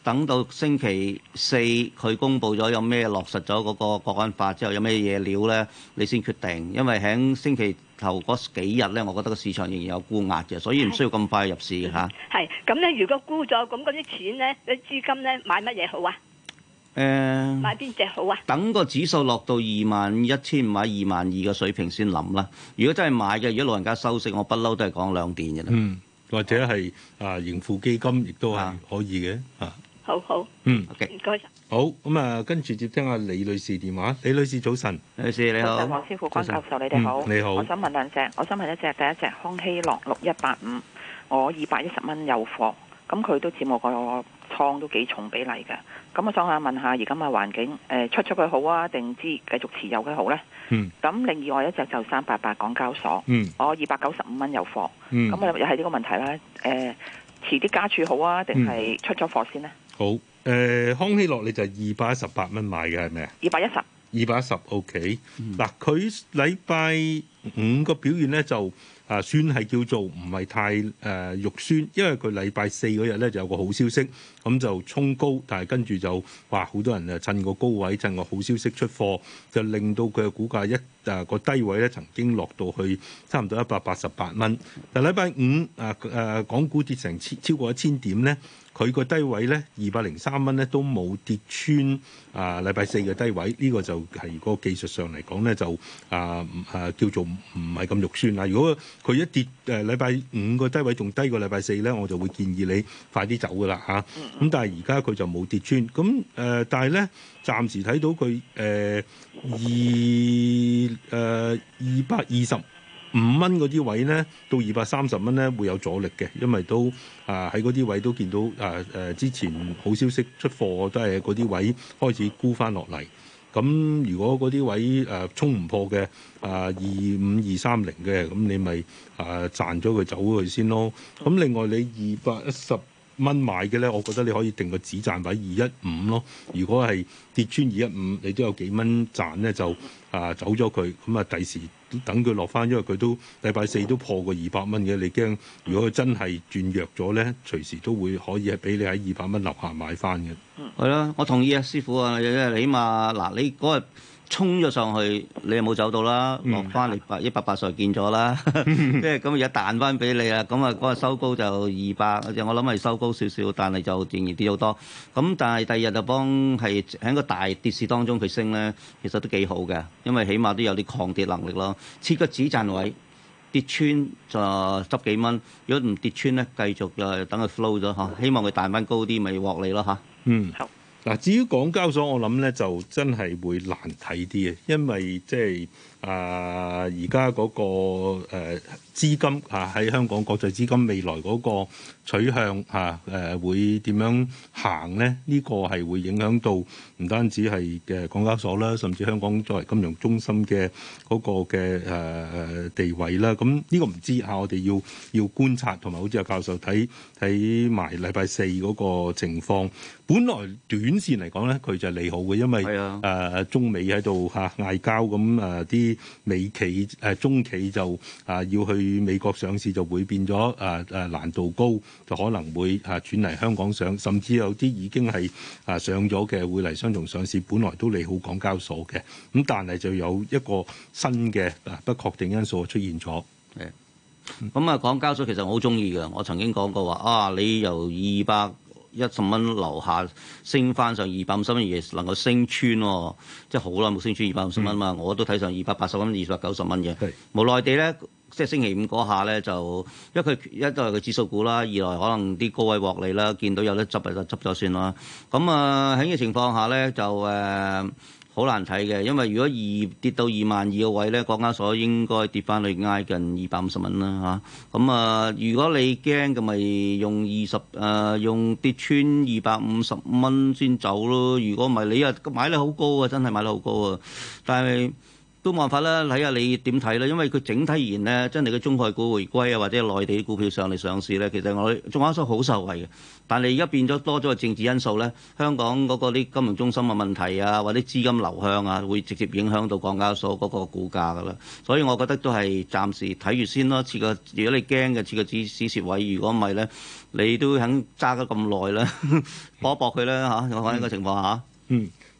等到星期四佢公布咗有咩落實咗嗰個國安法之後有咩嘢料咧，你先決定。因為喺星期頭嗰幾日咧，我覺得個市場仍然有沽壓嘅，所以唔需要咁快入市嚇。係、啊，咁咧如果沽咗，咁嗰啲錢咧，啲資金咧買乜嘢好啊？誒買邊隻好啊？等個指數落到二萬一千五買二萬二嘅水平先諗啦。如果真係買嘅，如果老人家收息，我不嬲都係講兩點嘅啦。嗯，或者係啊盈富基金亦都係可以嘅嚇。好好，嗯，OK，唔該曬。好咁啊，跟住接聽下李女士電話。李女士早晨，李女士你好，黃師傅、關教授你哋好，你好。我想問兩隻，我想問一隻，第一隻康希諾六一八五，我二百一十蚊有貨。咁佢都佔我個倉都幾重比例嘅，咁我想下問下而家嘅環境，誒、呃、出出佢好啊，定之繼續持有佢好咧？嗯。咁另外一隻就就三八八港交所，嗯，我二百九十五蚊有貨，咁、嗯、又係呢個問題啦，誒、呃，遲啲加注好啊，定係出咗貨先呢？嗯、好，誒、呃、康希諾你就二百一十八蚊買嘅係咪？二百一十。二百一十，OK、嗯。嗱、嗯，佢禮拜五個表現咧就。啊，算係叫做唔係太誒、呃、肉酸，因為佢禮拜四嗰日咧就有個好消息，咁就衝高，但係跟住就話好多人啊趁個高位，趁個好消息出貨，就令到佢嘅股價一誒個、呃、低位咧曾經落到去差唔多一百八十八蚊，但係禮拜五啊誒、呃呃、港股跌成超超過一千點咧。佢個低位咧二百零三蚊咧都冇跌穿啊！禮、呃、拜四嘅低位呢、呢個就係、是、個技術上嚟講咧就啊啊、呃呃、叫做唔係咁肉酸啦。如果佢一跌誒禮拜五個低位仲低過禮拜四咧，我就會建議你快啲走噶啦嚇。咁、啊、但係而家佢就冇跌穿，咁誒、呃、但係咧暫時睇到佢誒二誒二百二十。呃 2, 呃 220, 五蚊嗰啲位呢，到二百三十蚊呢，會有阻力嘅，因為都啊喺嗰啲位都見到啊誒、呃、之前好消息出貨都係嗰啲位開始沽翻落嚟。咁如果嗰啲位誒衝唔破嘅啊二五二三零嘅，咁、呃、你咪誒賺咗佢走佢先咯。咁另外你二百一十蚊買嘅呢，我覺得你可以定個止賺位二一五咯。如果係跌穿二一五，你都有幾蚊賺呢，就啊、呃、走咗佢。咁啊第時。等佢落翻，因為佢都禮拜四都破過二百蚊嘅。你驚如果佢真係轉弱咗咧，隨時都會可以係俾你喺二百蚊樓下買翻嘅。嗯，係咯，我同意啊，師傅啊，你起碼嗱你嗰日。衝咗上去，你又冇走到啦，落翻嚟百一百八十見咗啦，即係咁而家彈翻俾你啦，咁啊嗰個收高就二百，我諗係收高少少，但係就仍然跌好多。咁但係第二日就幫係喺個大跌市當中佢升咧，其實都幾好嘅，因為起碼都有啲抗跌能力咯。設個止賺位，跌穿就執幾蚊，如果唔跌穿咧，繼續就等佢 flow 咗嚇，希望佢彈翻高啲咪獲利咯嚇。嗯。嗱，至於港交所，我諗咧就真係會難睇啲嘅，因為即係，就是誒而家嗰個資金嚇喺香港國際資金未來嗰個取向嚇，誒、啊、會點樣行咧？呢、這個係會影響到唔單止係嘅港交所啦，甚至香港作為金融中心嘅嗰個嘅誒地位啦。咁、啊、呢、這個唔知嚇、啊，我哋要要觀察同埋，好似阿教授睇睇埋禮拜四嗰個情況，本來短線嚟講咧，佢就係利好嘅，因為誒、啊啊、中美喺度吓嗌交咁誒啲。美企誒中企就啊要去美國上市，就會變咗啊啊難度高，就可能會啊轉嚟香港上，甚至有啲已經係啊上咗嘅會嚟雙重上市，本來都利好港交所嘅，咁但係就有一個新嘅啊不確定因素出現咗。誒，咁、嗯、啊港交所其實我好中意㗎，我曾經講過話啊，你由二百。一十蚊樓下升返上二百五十蚊嘅，而能夠升穿喎，即係好耐冇升穿二百五十蚊嘛。嗯、我都睇上二百八十蚊、二百九十蚊嘅。是無內地咧，即係星期五嗰下咧，就因為佢一嚟佢係個指數股啦，二來可能啲高位獲利啦，見到有得執就執咗算啦。咁啊，喺呢個情況下咧，就誒。呃好難睇嘅，因為如果二跌到二萬二個位咧，國家所應該跌翻去挨近二百五十蚊啦嚇。咁啊、嗯，如果你驚嘅咪用二十誒用跌穿二百五十蚊先走咯。如果唔係你啊買得好高啊，真係買得好高啊，但係。都冇辦法啦，睇下你點睇啦。因為佢整體而言咧，真係個中概股回歸啊，或者內地股票上嚟上市咧，其實我哋中港交所好受惠嘅。但你而家變咗多咗政治因素咧，香港嗰個啲金融中心嘅問題啊，或者資金流向啊，會直接影響到港交所嗰個股價噶啦。所以我覺得都係暫時睇住先咯。試過如果你驚嘅，試個止止蝕位。如果唔係咧，你都肯揸咗咁耐咧，搏 一搏佢啦。嚇、啊。我講呢個情況嚇。嗯。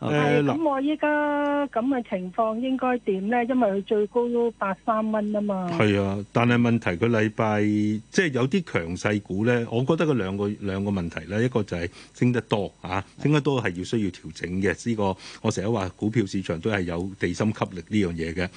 係咁，我依家咁嘅情況應該點呢？因為佢最高都八三蚊啊嘛。係啊，但係問題佢禮拜即係有啲強勢股呢，我覺得佢兩個兩個問題呢，一個就係升得多嚇，啊，升得多係要需要調整嘅。呢個我成日話股票市場都係有地心吸力呢樣嘢嘅。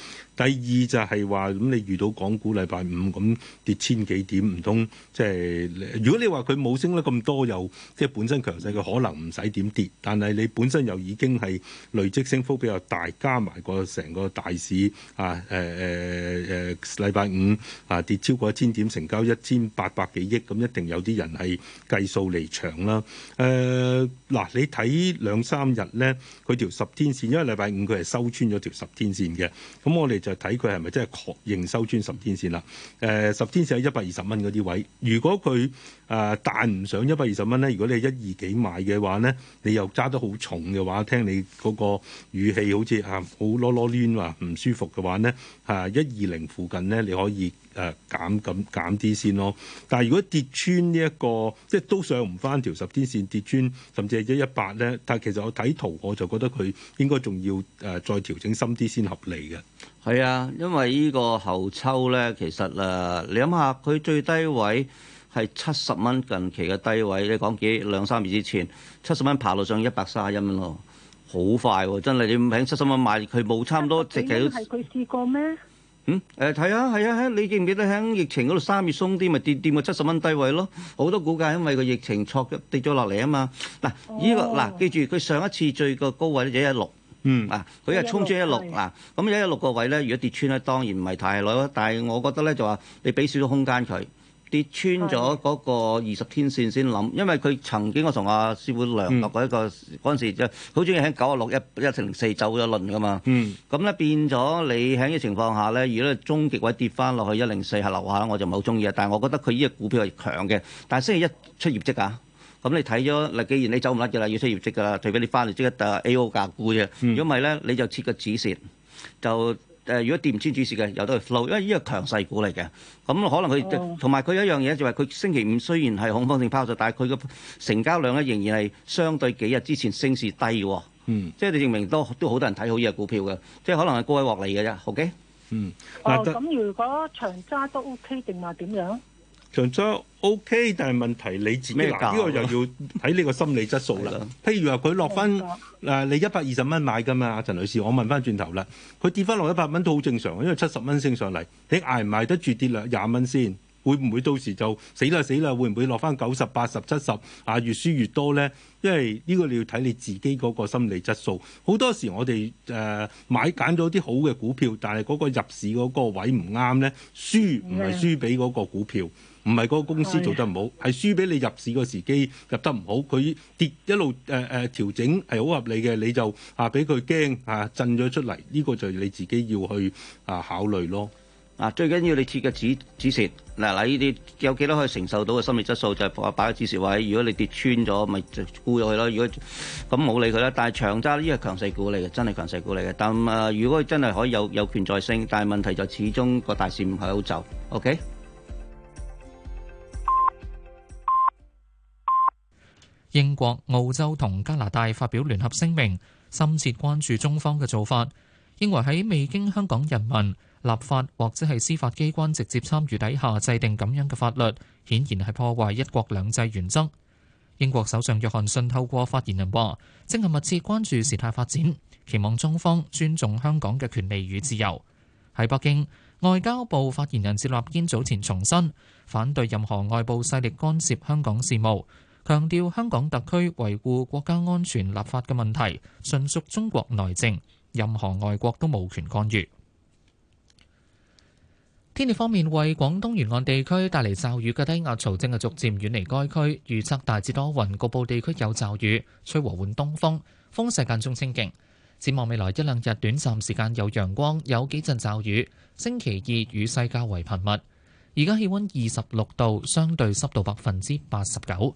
第二就係話咁，你遇到港股禮拜五咁跌千幾點，唔通即係如果你話佢冇升得咁多，又即係本身強勢，佢可能唔使點跌。但係你本身又已經係累積升幅比較大，加埋個成個大市啊誒誒誒禮拜五啊跌超過一千點，成交一千八百幾億，咁一定有啲人係計數離場啦。誒、啊、嗱，你睇兩三日呢，佢條十天線，因為禮拜五佢係收穿咗條十天線嘅，咁我哋就。睇佢係咪真係確認收穿十天線啦？誒、呃，十天線係一百二十蚊嗰啲位，如果佢誒彈唔上一百二十蚊咧，如果你係一二幾買嘅話咧，你又揸得好重嘅話，聽你嗰個語氣好似啊好囉囉攣啊，唔舒服嘅話咧嚇一二零附近咧，你可以誒減咁減啲先咯。但係如果跌穿呢、這、一個即係都上唔翻條十天線，跌穿甚至係一一八咧，但係其實我睇圖我就覺得佢應該仲要誒再調整深啲先合理嘅。係啊，因為個喉呢個後抽咧，其實誒、啊，你諗下，佢最低位係七十蚊，近期嘅低位你講幾兩三年之前，七十蚊爬到上一百卅一蚊咯，好快喎、啊，真係你唔喺七十蚊買，佢冇差唔多值幾多？係佢試過咩？嗯誒，睇、呃、下，係啊，啊，你記唔記得喺疫情嗰度三月鬆啲，咪跌跌到七十蚊低位咯？好、嗯、多股價因為個疫情挫嘅跌咗落嚟啊嘛。嗱、啊，呢個嗱記住，佢上一次最個高位咧，一一六。嗯啊，佢係衝出一六嗱，咁一一六個位咧，如果跌穿咧，當然唔係太耐咯。但係我覺得咧，就話你俾少少空間佢跌穿咗嗰個二十天線先諗，的因為佢曾經我同阿師傅量落過一個嗰陣、嗯、時，好中意喺九啊六一一零四走咗輪噶嘛。嗯，咁咧變咗你喺啲情況下咧，如果你終極位跌翻落去一零四下樓下咧，我就唔係好中意啊。但係我覺得佢呢隻股票係強嘅，但係星期一出業績㗎。咁你睇咗嗱，既然你走唔甩嘅啦，要出業績噶啦，除非你翻嚟即刻 A.O. 價估啫。如果唔係咧，你就設個止蝕，就誒、呃，如果跌唔穿止蝕嘅，由得佢 flow，因為呢個強勢股嚟嘅，咁可能佢同埋佢一樣嘢，就係佢星期五雖然係恐慌性拋售，但係佢嘅成交量咧仍然係相對幾日之前升市低喎。嗯，即係你證明都都好多人睇好呢個股票嘅，即係可能係高位獲利嘅啫。OK、嗯。嗯。咁、嗯哦嗯、如果長揸都 OK 定話點樣？長洲 OK，但係問題你自己嗱，呢個又要睇你個心理質素啦。 的譬如話佢落翻嗱的、呃，你一百二十蚊買㗎嘛，陳女士，我問翻轉頭啦。佢跌翻落一百蚊都好正常，因為七十蚊升上嚟，你捱唔捱得住跌兩廿蚊先？會唔會到時就死啦死啦？會唔會落翻九十、八十、七十啊？越輸越多咧？因為呢個你要睇你自己嗰個心理質素。好多時我哋誒、呃、買揀咗啲好嘅股票，但係嗰個入市嗰個位唔啱咧，輸唔係輸俾嗰個股票。 唔係個公司做得唔好，係、哎、輸俾你入市個時機入得唔好。佢跌一路誒誒、呃、調整係好合理嘅，你就啊俾佢驚啊震咗出嚟，呢、這個就係你自己要去啊考慮咯。啊，最緊要你設個止止蝕嗱嗱呢啲有幾多可以承受到嘅心理質素，就係擺個止蝕位。如果你跌穿咗，咪就沽咗去咯。如果咁冇理佢啦。但係長揸呢啲係強勢股嚟嘅，真係強勢股嚟嘅。但啊，如果真係可以有有權在升，但係問題就始終個大市唔係好走。o、okay? k 英國、澳洲同加拿大發表聯合聲明，深切關注中方嘅做法，認為喺未經香港人民立法或者係司法機關直接參與底下制定咁樣嘅法律，顯然係破壞一國兩制原則。英國首相約翰遜透過發言人話，正係密切關注事態發展，期望中方尊重香港嘅權利與自由。喺北京，外交部發言人趙立堅早前重申，反對任何外部勢力干涉香港事務。強調香港特區維護國家安全立法嘅問題純屬中國內政，任何外國都無權干預。天氣方面，為廣東沿岸地區帶嚟驟雨嘅低壓槽正係逐漸遠離該區，預測大致多雲，局部地區有驟雨，吹和緩東風，風勢間中清勁。展望未來一兩日，短暫時間有陽光，有幾陣驟雨。星期二雨勢較為頻密。而家氣溫二十六度，相對濕度百分之八十九。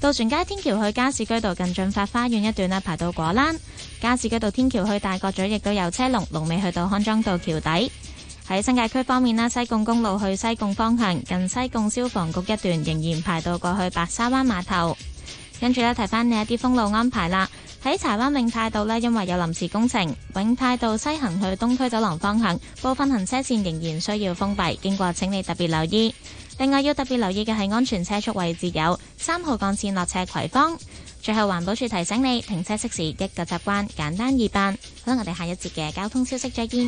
渡船街天橋去加士居道，近駿發花園一段啊，排到果欄；加士居道天橋去大角咀亦都有車龍，龍尾去到康莊道橋底。喺新界區方面啦，西貢公路去西貢方向近西貢消防局一段仍然排到過去白沙灣碼頭。跟住呢，提翻你一啲封路安排啦。喺柴灣永泰道，呢，因為有臨時工程，永泰道西行去東區走廊方向部分行車線仍然需要封閉，經過請你特別留意。另外要特別留意嘅係安全車速位置有三號幹線落斜葵芳。最後環保署提醒你停車熄匙一個習慣，簡單易辦。好啦，我哋下一節嘅交通消息再見。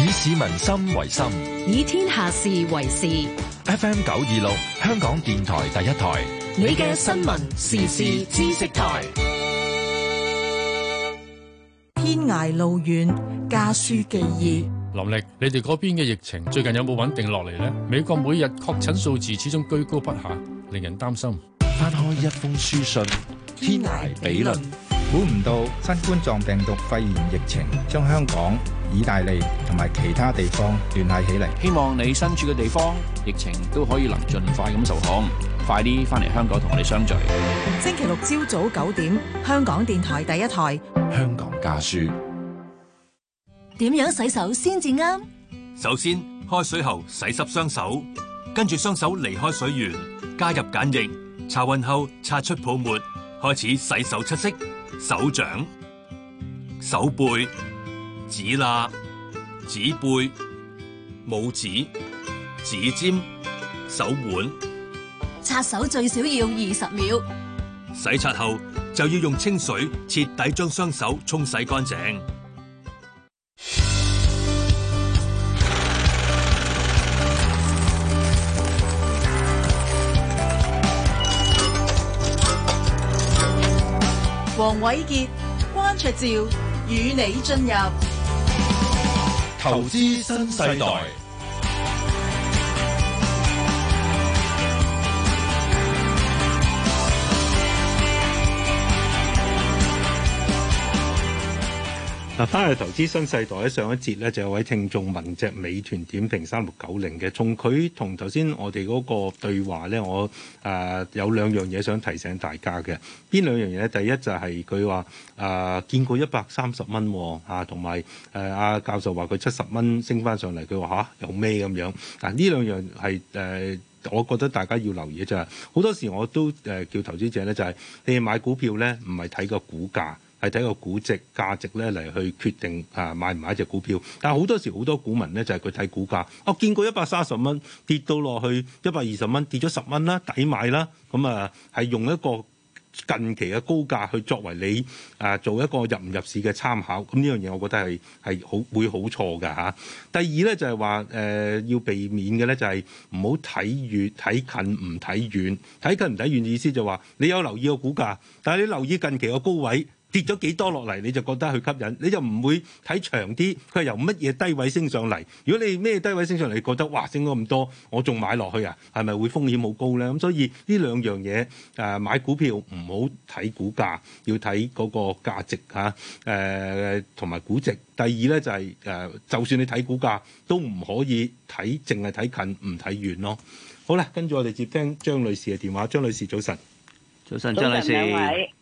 以市民心為心，以天下事為事。FM 九二六，香港電台第一台，你嘅新聞時事知識台。天涯路遠，家書寄意。林力，你哋嗰邊嘅疫情最近有冇穩定落嚟咧？美國每日確診數字始終居高不下，令人擔心。翻開一封書信，天涯比鄰，估唔到新冠狀病毒肺炎疫情將香港、意大利同埋其他地方聯繫起嚟。希望你身處嘅地方疫情都可以能盡快咁受控，快啲翻嚟香港同我哋相聚。星期六朝早九點，香港電台第一台《香港家書》。點樣洗手先至啱？首先，開水喉洗濕雙手，跟住雙手離開水源，加入梘液，擦勻後擦出泡沫，開始洗手七式：手掌、手背、指罅、指背、拇指、指尖、手腕。擦手最少要二十秒。洗擦後就要用清水徹底將雙手沖洗乾淨。黃瑋傑、關焯照與你進入投資新世代。翻去投資新世代喺上一節咧，就有位聽眾問隻美團點評三六九零嘅，從佢同頭先我哋嗰個對話咧，我誒、呃、有兩樣嘢想提醒大家嘅。邊兩樣嘢？第一就係佢話誒見過一百三十蚊喎，同埋誒阿教授話佢七十蚊升翻上嚟，佢話嚇有咩咁樣？嗱，呢兩樣係誒，我覺得大家要留意嘅就係好多時我都誒叫投資者咧、就是，就係你買股票咧，唔係睇個股價。係睇個估值價值咧嚟去決定啊買唔買一隻股票，但係好多時好多股民咧就係佢睇股價，我見過一百三十蚊跌到落去一百二十蚊，跌咗十蚊啦，抵買啦。咁啊係用一個近期嘅高價去作為你啊做一個入唔入市嘅參考。咁呢樣嘢我覺得係係好會好錯㗎吓、啊。第二咧就係話誒要避免嘅咧就係唔好睇遠，睇近唔睇遠，睇近唔睇遠嘅意思就話你有留意個股價，但係你留意近期嘅高位。跌咗幾多落嚟你就覺得佢吸引，你就唔會睇長啲。佢由乜嘢低位升上嚟？如果你咩低位升上嚟，你覺得哇升咗咁多，我仲買落去啊？係咪會風險好高呢？咁所以呢兩樣嘢誒買股票唔好睇股價，要睇嗰個價值嚇誒同埋估值。第二呢，就係誒，就算你睇股價，都唔可以睇淨係睇近，唔睇遠咯。好啦，跟住我哋接聽張女士嘅電話。張女士早晨，早晨張女士。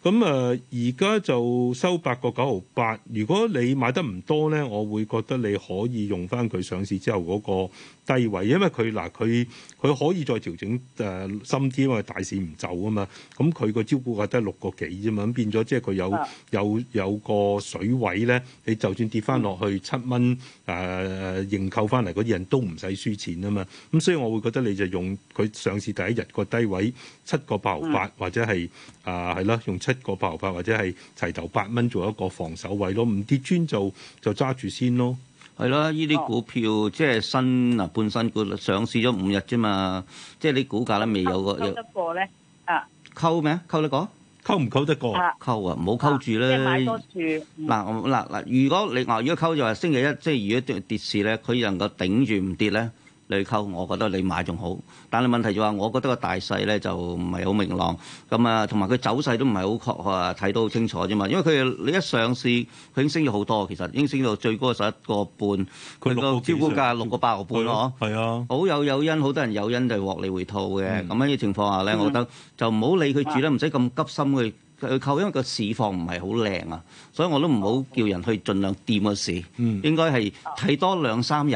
咁誒而家就收八個九毫八，如果你買得唔多咧，我會覺得你可以用翻佢上市之後嗰個低位，因為佢嗱佢佢可以再調整誒、呃、深啲，因為大市唔走啊嘛。咁佢個招股價得六個幾啫嘛，咁變咗即係佢有有有個水位咧，你就算跌翻落去七蚊誒認購翻嚟嗰啲人都唔使輸錢啊嘛。咁所以我會覺得你就用佢上市第一日個低位七個八毫八，98, 或者係啊係啦，用。七個爆發或者係齊頭八蚊做一個防守位咯，唔跌穿就就揸住先咯。係啦、啊，呢啲股票即係新即啊，半新股上市咗五日啫嘛，即係你股價咧未有個有得過咧啊？溝咩？溝得過？溝唔溝得過？溝啊，唔好溝住、嗯、啦。即係買多住嗱嗱嗱，如果你話、啊、如果溝就話星期一，即係如果跌市咧，佢能夠頂住唔跌咧？你扣，我覺得你買仲好，但係問題就話，我覺得個大勢咧就唔係好明朗，咁啊，同埋佢走勢都唔係好確啊，睇到好清楚啫嘛。因為佢你一上市，佢已經升咗好多，其實已經升到最高嘅十一個半，佢個招股價六個八個半咯，嗬、哦。啊。好有誘因，好多人誘因就獲利回吐嘅，咁樣嘅情況下咧，我覺得就唔好理佢住咧，唔使咁急心去去購，因為個市況唔係好靚啊，所以我都唔好叫人去儘量掂個市，嗯、應該係睇多兩三日。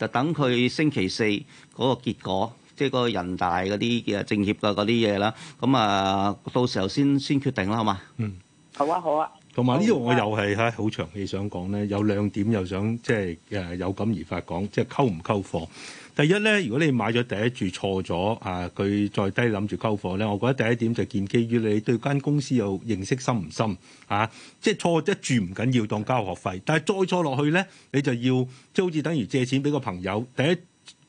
就等佢星期四嗰個結果，即係個人大嗰啲嘅政協嘅嗰啲嘢啦。咁啊，到時候先先決定啦，好嘛？嗯，好啊，好啊。同埋呢樣我又係嚇好長、啊、氣，想講咧有兩點又想即係誒有感而發講，即係溝唔溝貨。第一咧，如果你買咗第一注錯咗，啊，佢再低諗住溝貨咧，我覺得第一點就建基於你對間公司有認識深唔深，啊，即係錯一注唔緊要當交學費，但係再錯落去咧，你就要即係好似等於借錢俾個朋友第一。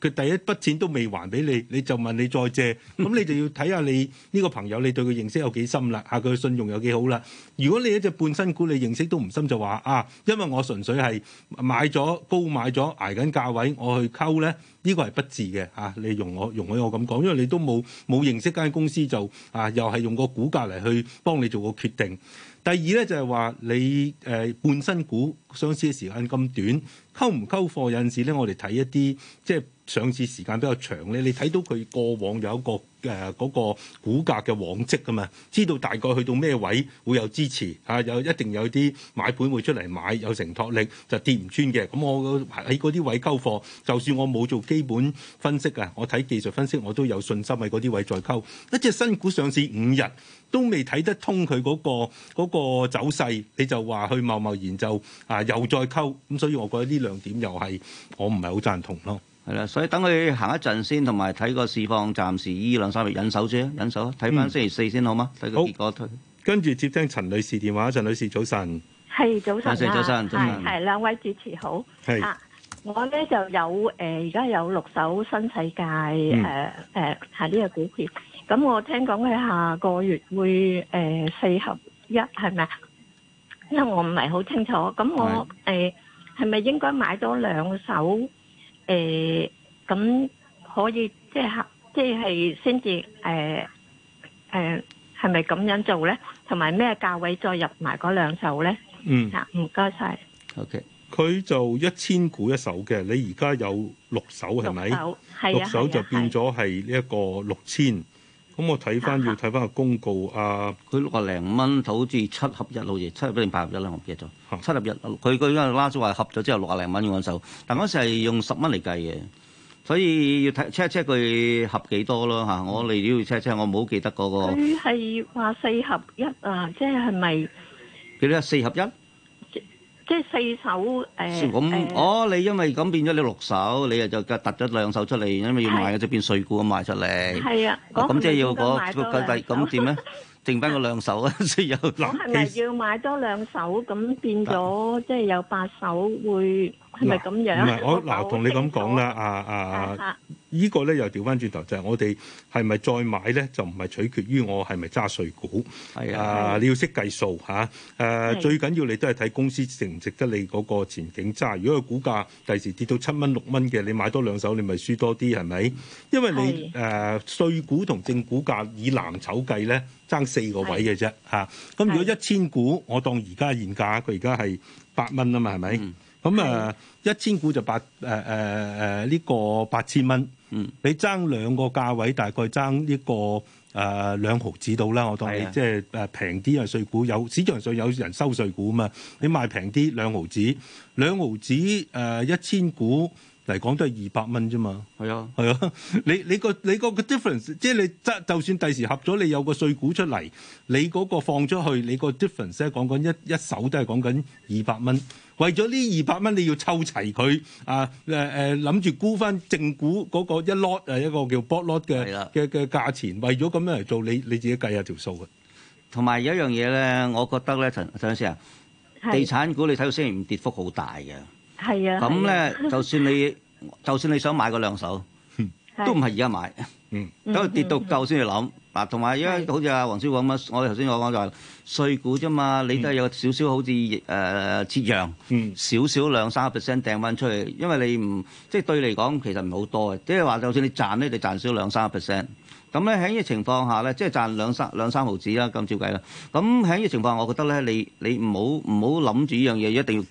佢第一筆錢都未還俾你，你就問你再借，咁你就要睇下你呢個朋友你對佢認識有幾深啦，吓佢信用有幾好啦。如果你一隻半新股你認識都唔深，就話啊，因為我純粹係買咗高買咗挨緊價位我去溝呢，呢、這個係不智嘅嚇。你容我容許我咁講，因為你都冇冇認識間公司就啊，又係用個股價嚟去幫你做個決定。第二咧就係、是、話你誒、呃、半新股上市嘅時間咁短，溝唔溝貨有陣時咧，我哋睇一啲即係上市時間比較長咧，你睇到佢過往有一個。誒嗰、啊嗰個股價嘅往績啊嘛，知道大概去到咩位會有支持嚇、啊，有一定有啲買盤會出嚟買，有承托力就跌唔穿嘅。咁我喺嗰啲位溝貨，就算我冇做基本分析啊，我睇技術分析我都有信心喺嗰啲位再溝。一隻新股上市五日都未睇得通佢嗰、嗰個嗰個走勢，你就話去貿貿然就啊又再溝，咁所以我覺得呢兩點又係我唔係好贊同咯。係啦，所以等佢行一陣先，同埋睇個市況，暫時依兩三日忍手先，忍手，睇翻星期四先好嗎？睇個結果。跟住接聽陳女士電話，陳女士早晨。係早晨啊！早晨，早晨，係兩位主持好。係。我咧就有誒，而家有六手新世界誒誒，係呢個股票。咁我聽講佢下個月會誒四合一係咪啊？因為我唔係好清楚，咁我誒係咪應該買多兩手？誒，咁可以即係即係先至誒誒，係咪咁樣做咧？同埋咩價位再入埋嗰兩手咧？嗯，吓唔該晒。OK，佢就一千股一手嘅，你而家有六手係咪？六手係啊係啊係。六手就變咗係呢一個六千。咁我睇翻要睇翻個公告啊！佢六啊零蚊，好似七合一好似，七一定八合一咧，我唔記得咗。七合一佢佢而家拉咗話合咗之後六啊零蚊要攬手，但嗰時係用十蚊嚟計嘅，所以要睇 check 一 check 佢合幾多咯嚇、啊。我嚟呢度 check 一 check，我冇記得嗰、那個。佢係話四合一啊，即係係咪？叫你四,、啊、四合一。即係四手誒，咁、呃、哦，你因為咁變咗你六手，你誒就夾揼咗兩手出嚟，因為要賣嘅，即的變碎股咁賣出嚟。係的啊，咁即係要、那個個第咁點咧？剩翻個兩手啊，所以有幾？我係咪要買多兩手？咁變咗的即係有八手會？唔係，我嗱同你咁講啦，阿阿呢個咧又調翻轉頭，就係、是、我哋係咪再買咧？就唔係取決於我係咪揸稅股。係啊，你要識計數嚇。誒、啊，最緊要你都係睇公司值唔值得你嗰個前景揸。如果個股價第時跌到七蚊六蚊嘅，你買多兩手，你咪輸多啲係咪？因為你誒的、啊、稅股同正股價以藍籌計咧，爭四個位嘅啫嚇。咁、啊啊、如果一千股，我當而家現價，佢而家係八蚊啊嘛，係咪？嗯咁啊，嗯嗯、一千股就八誒誒誒呢個八千蚊。嗯，你爭兩個價位，大概爭呢、呢個誒、呃、兩毫子到啦。我當你即係誒平啲啊，碎股有市場上有人收碎股嘛。你賣平啲兩毫子，兩毫子誒、呃、一千股嚟講都係二百蚊啫嘛。係啊，係啊，你你個你個 difference，即係你就算第時合咗，你有個碎股出嚟，你嗰個放出去，你個 difference 咧，講緊一一手都係講緊二百蚊。為咗呢二百蚊，你要湊齊佢啊？誒、啊、誒，諗住沽翻正股嗰個一 lot 誒，一個叫 board lot 嘅嘅嘅價錢，為咗咁樣嚟做，你你自己計下條數嘅。同埋有一樣嘢咧，我覺得咧陳陳生啊，地產股你睇到星期五跌幅好大嘅，係啊的。咁咧就算你就算你想買個兩手， 都唔係而家買，等佢的 跌到夠先去諗。嗱，同埋因為好似阿黃小講咁樣，我哋頭先講講就係碎股啫嘛，你都係有少少好似誒切陽，少少兩三個 percent 掟翻出嚟，因為你唔即係對嚟講其實唔好多嘅，即係話就算你賺咧，你賺少兩三個 percent。咁咧喺呢個情況下咧，即係賺兩三兩三毫子啦，咁照計啦。咁喺呢個情況下，我覺得咧，你你唔好唔好諗住呢樣嘢，一定要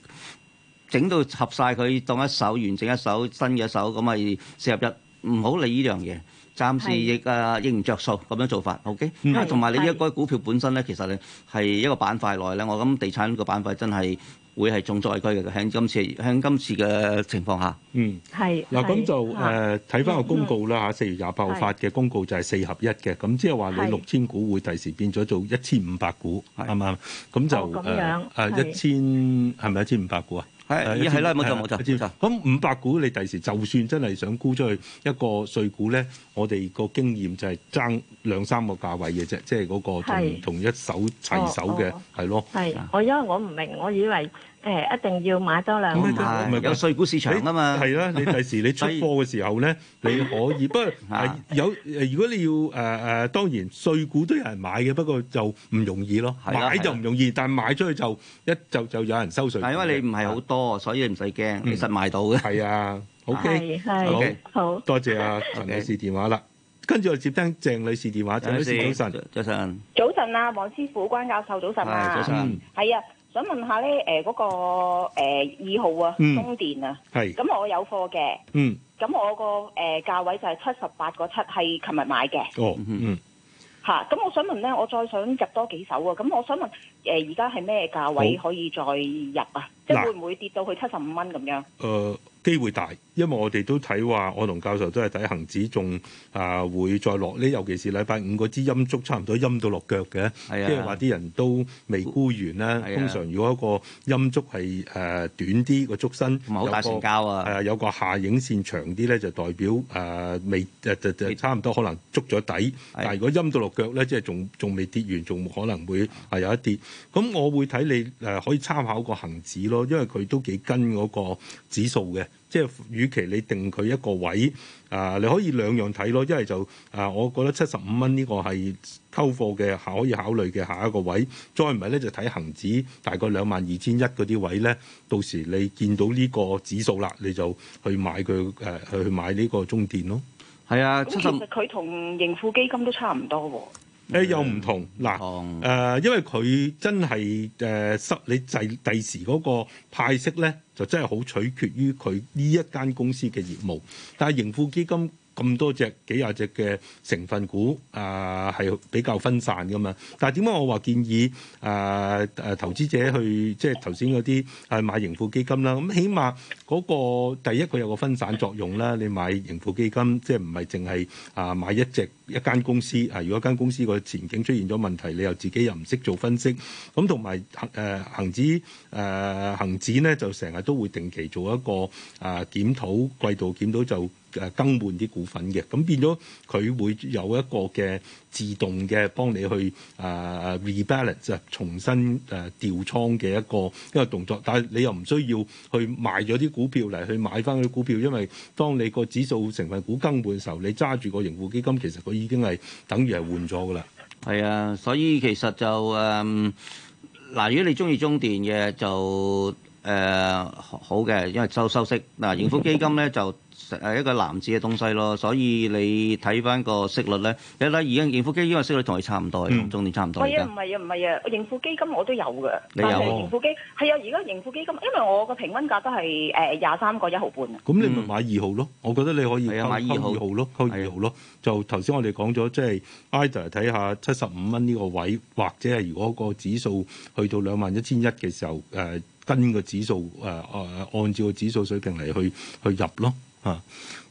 整到合晒佢，當一手完整一手新嘅一手，咁咪四合一，唔好理呢樣嘢。暫時亦啊，亦唔着數咁樣做法，OK 是。啊，同埋你一啲股票本身咧，其實你係一個板塊內咧，我諗地產個板塊真係會係重災區嘅，喺今次喺今次嘅情況下。嗯，係。嗱，咁、嗯、就誒睇翻個公告啦嚇，四是月廿八號發嘅公告就係四合一嘅，咁即係話你六千股會第時變咗做一千五百股，啱唔啱？咁是就誒一千係咪一千五百股啊？誒，係啦，冇錯冇錯，咁五百股，你第時就算真係想沽出去一個碎股咧，我哋個經驗就係爭兩三個價位嘅啫，即係嗰個同同一手齊手嘅，係咯。係，我因為我唔明，我以為。誒，一定要買多兩隻，唔係有稅股市場噶嘛？係啦，你第時你出貨嘅時候咧，你可以不過係有。如果你要誒誒，當然稅股都有人買嘅，不過就唔容易咯。買就唔容易，但係買出去就一就就有人收稅。係因為你唔係好多，所以唔使驚，其實賣到嘅。係啊，OK，係嘅，好。多謝阿陳女士電話啦，跟住我接聽鄭女士電話。早晨，早晨。早晨啊，黃師傅、關教授，早晨啊，早晨。係啊。想問下咧，誒、呃、嗰、那個二、呃、號啊，中、嗯、電啊，係，咁我有貨嘅、嗯呃哦，嗯，咁我個誒價位就係七十八個七，係琴日買嘅，哦，嗯嗯，嚇、啊，咁我想問咧，我再想入多幾手啊，咁我想問，誒而家係咩價位可以再入啊？即係會唔會跌到去七十五蚊咁樣？誒、呃、機會大，因為我哋都睇話，我同教授都係睇恒指仲啊會再落呢，尤其是禮拜五嗰支陰燭，差唔多陰到落腳嘅。係啊，即係話啲人都未沽完啦。Yeah. 通常如果一個陰燭係誒短啲個燭身，唔係好大成交啊。係啊，有個下影線長啲咧，就代表誒、啊、未誒誒誒，差唔多可能捉咗底。Yeah. 但係如果陰到落腳咧，即係仲仲未跌完，仲可能會係有一跌。咁我會睇你誒可以參考個恒指咯。因為佢都幾跟嗰個指數嘅，即係與其你定佢一個位，啊，你可以兩樣睇咯。一係就啊，我覺得七十五蚊呢個係溝貨嘅，可以考慮嘅下一個位。再唔係咧就睇恒指，大概兩萬二千一嗰啲位咧，到時你見到呢個指數啦，你就去買佢誒、啊，去買呢個中電咯。係啊，其實佢同盈富基金都差唔多喎。誒又唔同嗱，誒、呃、因為佢真係誒失，你制第時嗰個派息咧，就真係好取決於佢呢一間公司嘅業務，但係盈富基金。咁多隻幾廿隻嘅成分股啊，係、呃、比較分散噶嘛。但係點解我話建議啊、呃，投資者去即係頭先嗰啲係買盈富基金啦。咁起碼嗰個第一佢有一個分散作用啦。你買盈富基金，即係唔係淨係啊買一隻一間公司啊？如果間公司個前景出現咗問題，你又自己又唔識做分析。咁同埋恆誒恆指誒恆指咧，就成日都會定期做一個啊、呃、檢討，季度檢討就。誒更換啲股份嘅咁變咗，佢會有一個嘅自動嘅幫你去誒、uh, rebalance 重新誒、uh, 調倉嘅一個一個動作。但係你又唔需要去賣咗啲股票嚟去買翻嗰啲股票，因為當你個指數成分股更換嘅時候，你揸住個盈富基金，其實佢已經係等於係換咗㗎喇。係啊，所以其實就誒嗱、呃呃，如果你中意中電嘅就誒、呃、好嘅，因為收收息嗱、呃、盈富基金咧就。 誒一個男子嘅東西咯，所以你睇翻個息率咧，你睇而家盈富基金嘅息率同你差唔多，年中年差唔多。係啊，唔係啊，唔係啊，盈富基金我都有嘅，你有但係盈富基金係、哦、啊。而家盈富基金，因為我個平均價都係誒廿三個一毫半，咁你咪買二號咯？嗯、我覺得你可以、啊、買二號咯，購二號咯。啊、就頭先我哋講咗，即係 idea 睇下七十五蚊呢個位，或者係如果個指數去到兩萬一千一嘅時候，誒、呃、跟個指數誒誒、呃、按照個指數水平嚟去去，去入咯。啊。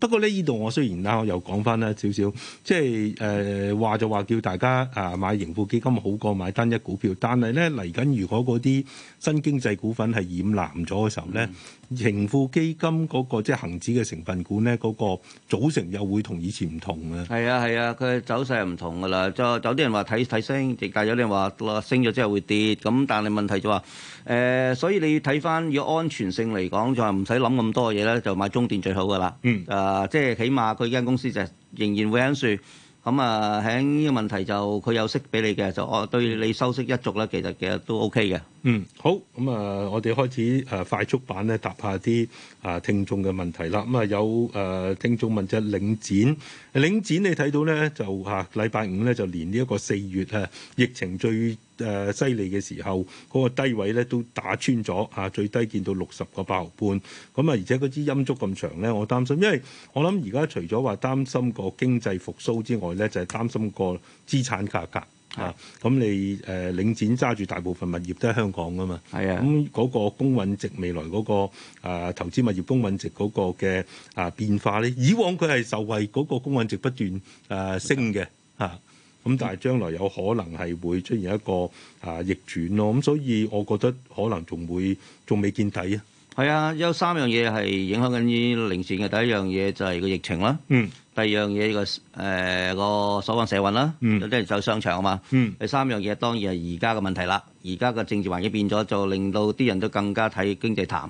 不過呢依度我雖然啦，我又講翻啦少少，即係誒、呃、話就話叫大家啊買盈富基金好過買單一股票，但係咧嚟緊如果嗰啲新經濟股份係染藍咗嘅時候咧，盈富、嗯、基金嗰、嗰個即係恒指嘅成分股咧嗰個組成又會同以前唔同嘅。係啊係啊，佢、啊、走勢係唔同㗎啦。就有啲人話睇睇升，亦但有啲人話升咗之後會跌。咁但係問題就話誒，所以你睇翻要安全性嚟講，就係唔使諗咁多嘢咧，就買中電最好㗎啦。嗯。啊。啊、呃，即係起碼佢間公司就仍然會喺度，咁啊喺呢個問題就佢有息俾你嘅，就我對你收息一族咧，其實其實都 OK 嘅。嗯，好，咁啊，我哋開始誒快速版咧答下啲啊聽眾嘅問題啦。咁啊有誒、呃、聽眾問隻領展，領展你睇到咧就嚇禮拜五咧就連呢一個四月啊疫情最誒犀利嘅時候嗰、那個低位咧都打穿咗啊，最低見到六十個八毫半。咁啊而且嗰支陰燭咁長咧，我擔心，因為我諗而家除咗話擔心個經濟復甦之外咧，就係、是、擔心個資產價格。啊，咁你誒、呃、領展揸住大部分物業都喺香港噶嘛？係啊，咁嗰、嗯嗰個公允值未來嗰、嗰個、啊、投資物業公允值嗰個嘅啊變化咧，以往佢係受惠嗰、嗰個公允值不斷啊升嘅啊，咁、啊、但係將來有可能係會出現一個啊逆轉咯，咁所以我覺得可能仲會仲未見底啊。係啊，有三樣嘢係影響緊啲領展嘅，第一樣嘢就係個疫情啦。嗯。第二樣嘢個誒個所謂社運啦，有啲人走商場啊嘛。第、嗯、三樣嘢當然係而家嘅問題啦，而家嘅政治環境變咗，就令到啲人都更加睇經濟淡。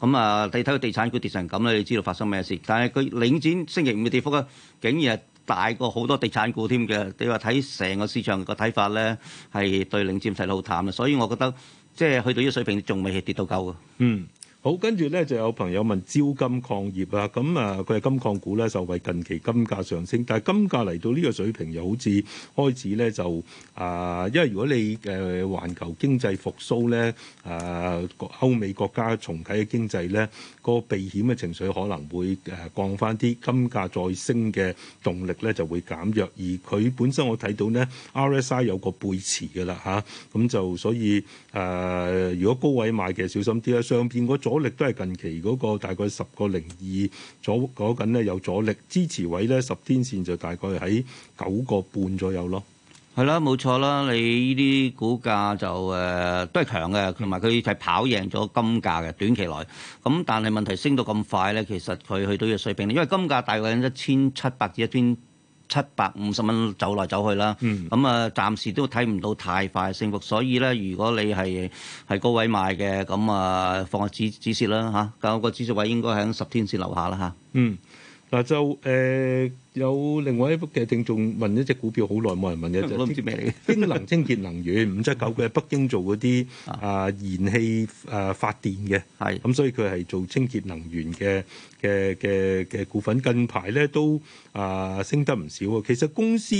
咁、嗯、啊，你睇個地產股跌成咁咧，你知道發生咩事？但係佢領展星期五嘅跌幅啊，竟然係大過好多地產股添嘅。你話睇成個市場個睇法咧，係對領展睇得好淡啦。所以我覺得即係去到呢個水平，仲未跌到夠啊。嗯。好，跟住咧就有朋友問招金礦業啊，咁啊佢係金礦股咧，受惠近期金價上升，但係金價嚟到呢個水平又好似開始咧就啊，因為如果你誒環、啊、球經濟復甦咧，誒啊歐美國家重啟嘅經濟咧，個避險嘅情緒可能會誒降翻啲，金價再升嘅動力咧就會減弱。而佢本身我睇到咧 RSI 有個背馳㗎啦吓，咁、啊、就所以誒、啊、如果高位買嘅小心啲啦，相片嗰阻力都係近期嗰個大概十個零二左嗰緊咧，有阻力支持位咧十天線就大概喺九個半左右咯。係啦，冇錯啦，你呢啲股價就誒、呃、都係強嘅，同埋佢係跑贏咗金價嘅短期內。咁但係問題升到咁快咧，其實佢去到嘅水平，因為金價大概喺一千七百至一千。1, 七百五十蚊走來走去啦，咁啊、嗯、暫時都睇唔到太快升幅，所以咧如果你係係高位買嘅，咁啊放下止止蝕啦嚇，咁個指數位應該喺十天線樓下啦嚇。啊、嗯，嗱就誒。呃有另外一幅嘅聽眾問，一隻股票好耐冇人問，一隻都唔知咩嚟嘅，英能清潔能源五七九佢喺北京做嗰啲啊燃氣誒、呃、發電嘅，係咁的、嗯、所以佢係做清潔能源嘅嘅嘅嘅股份。近排咧都啊、呃、升得唔少啊。其實公司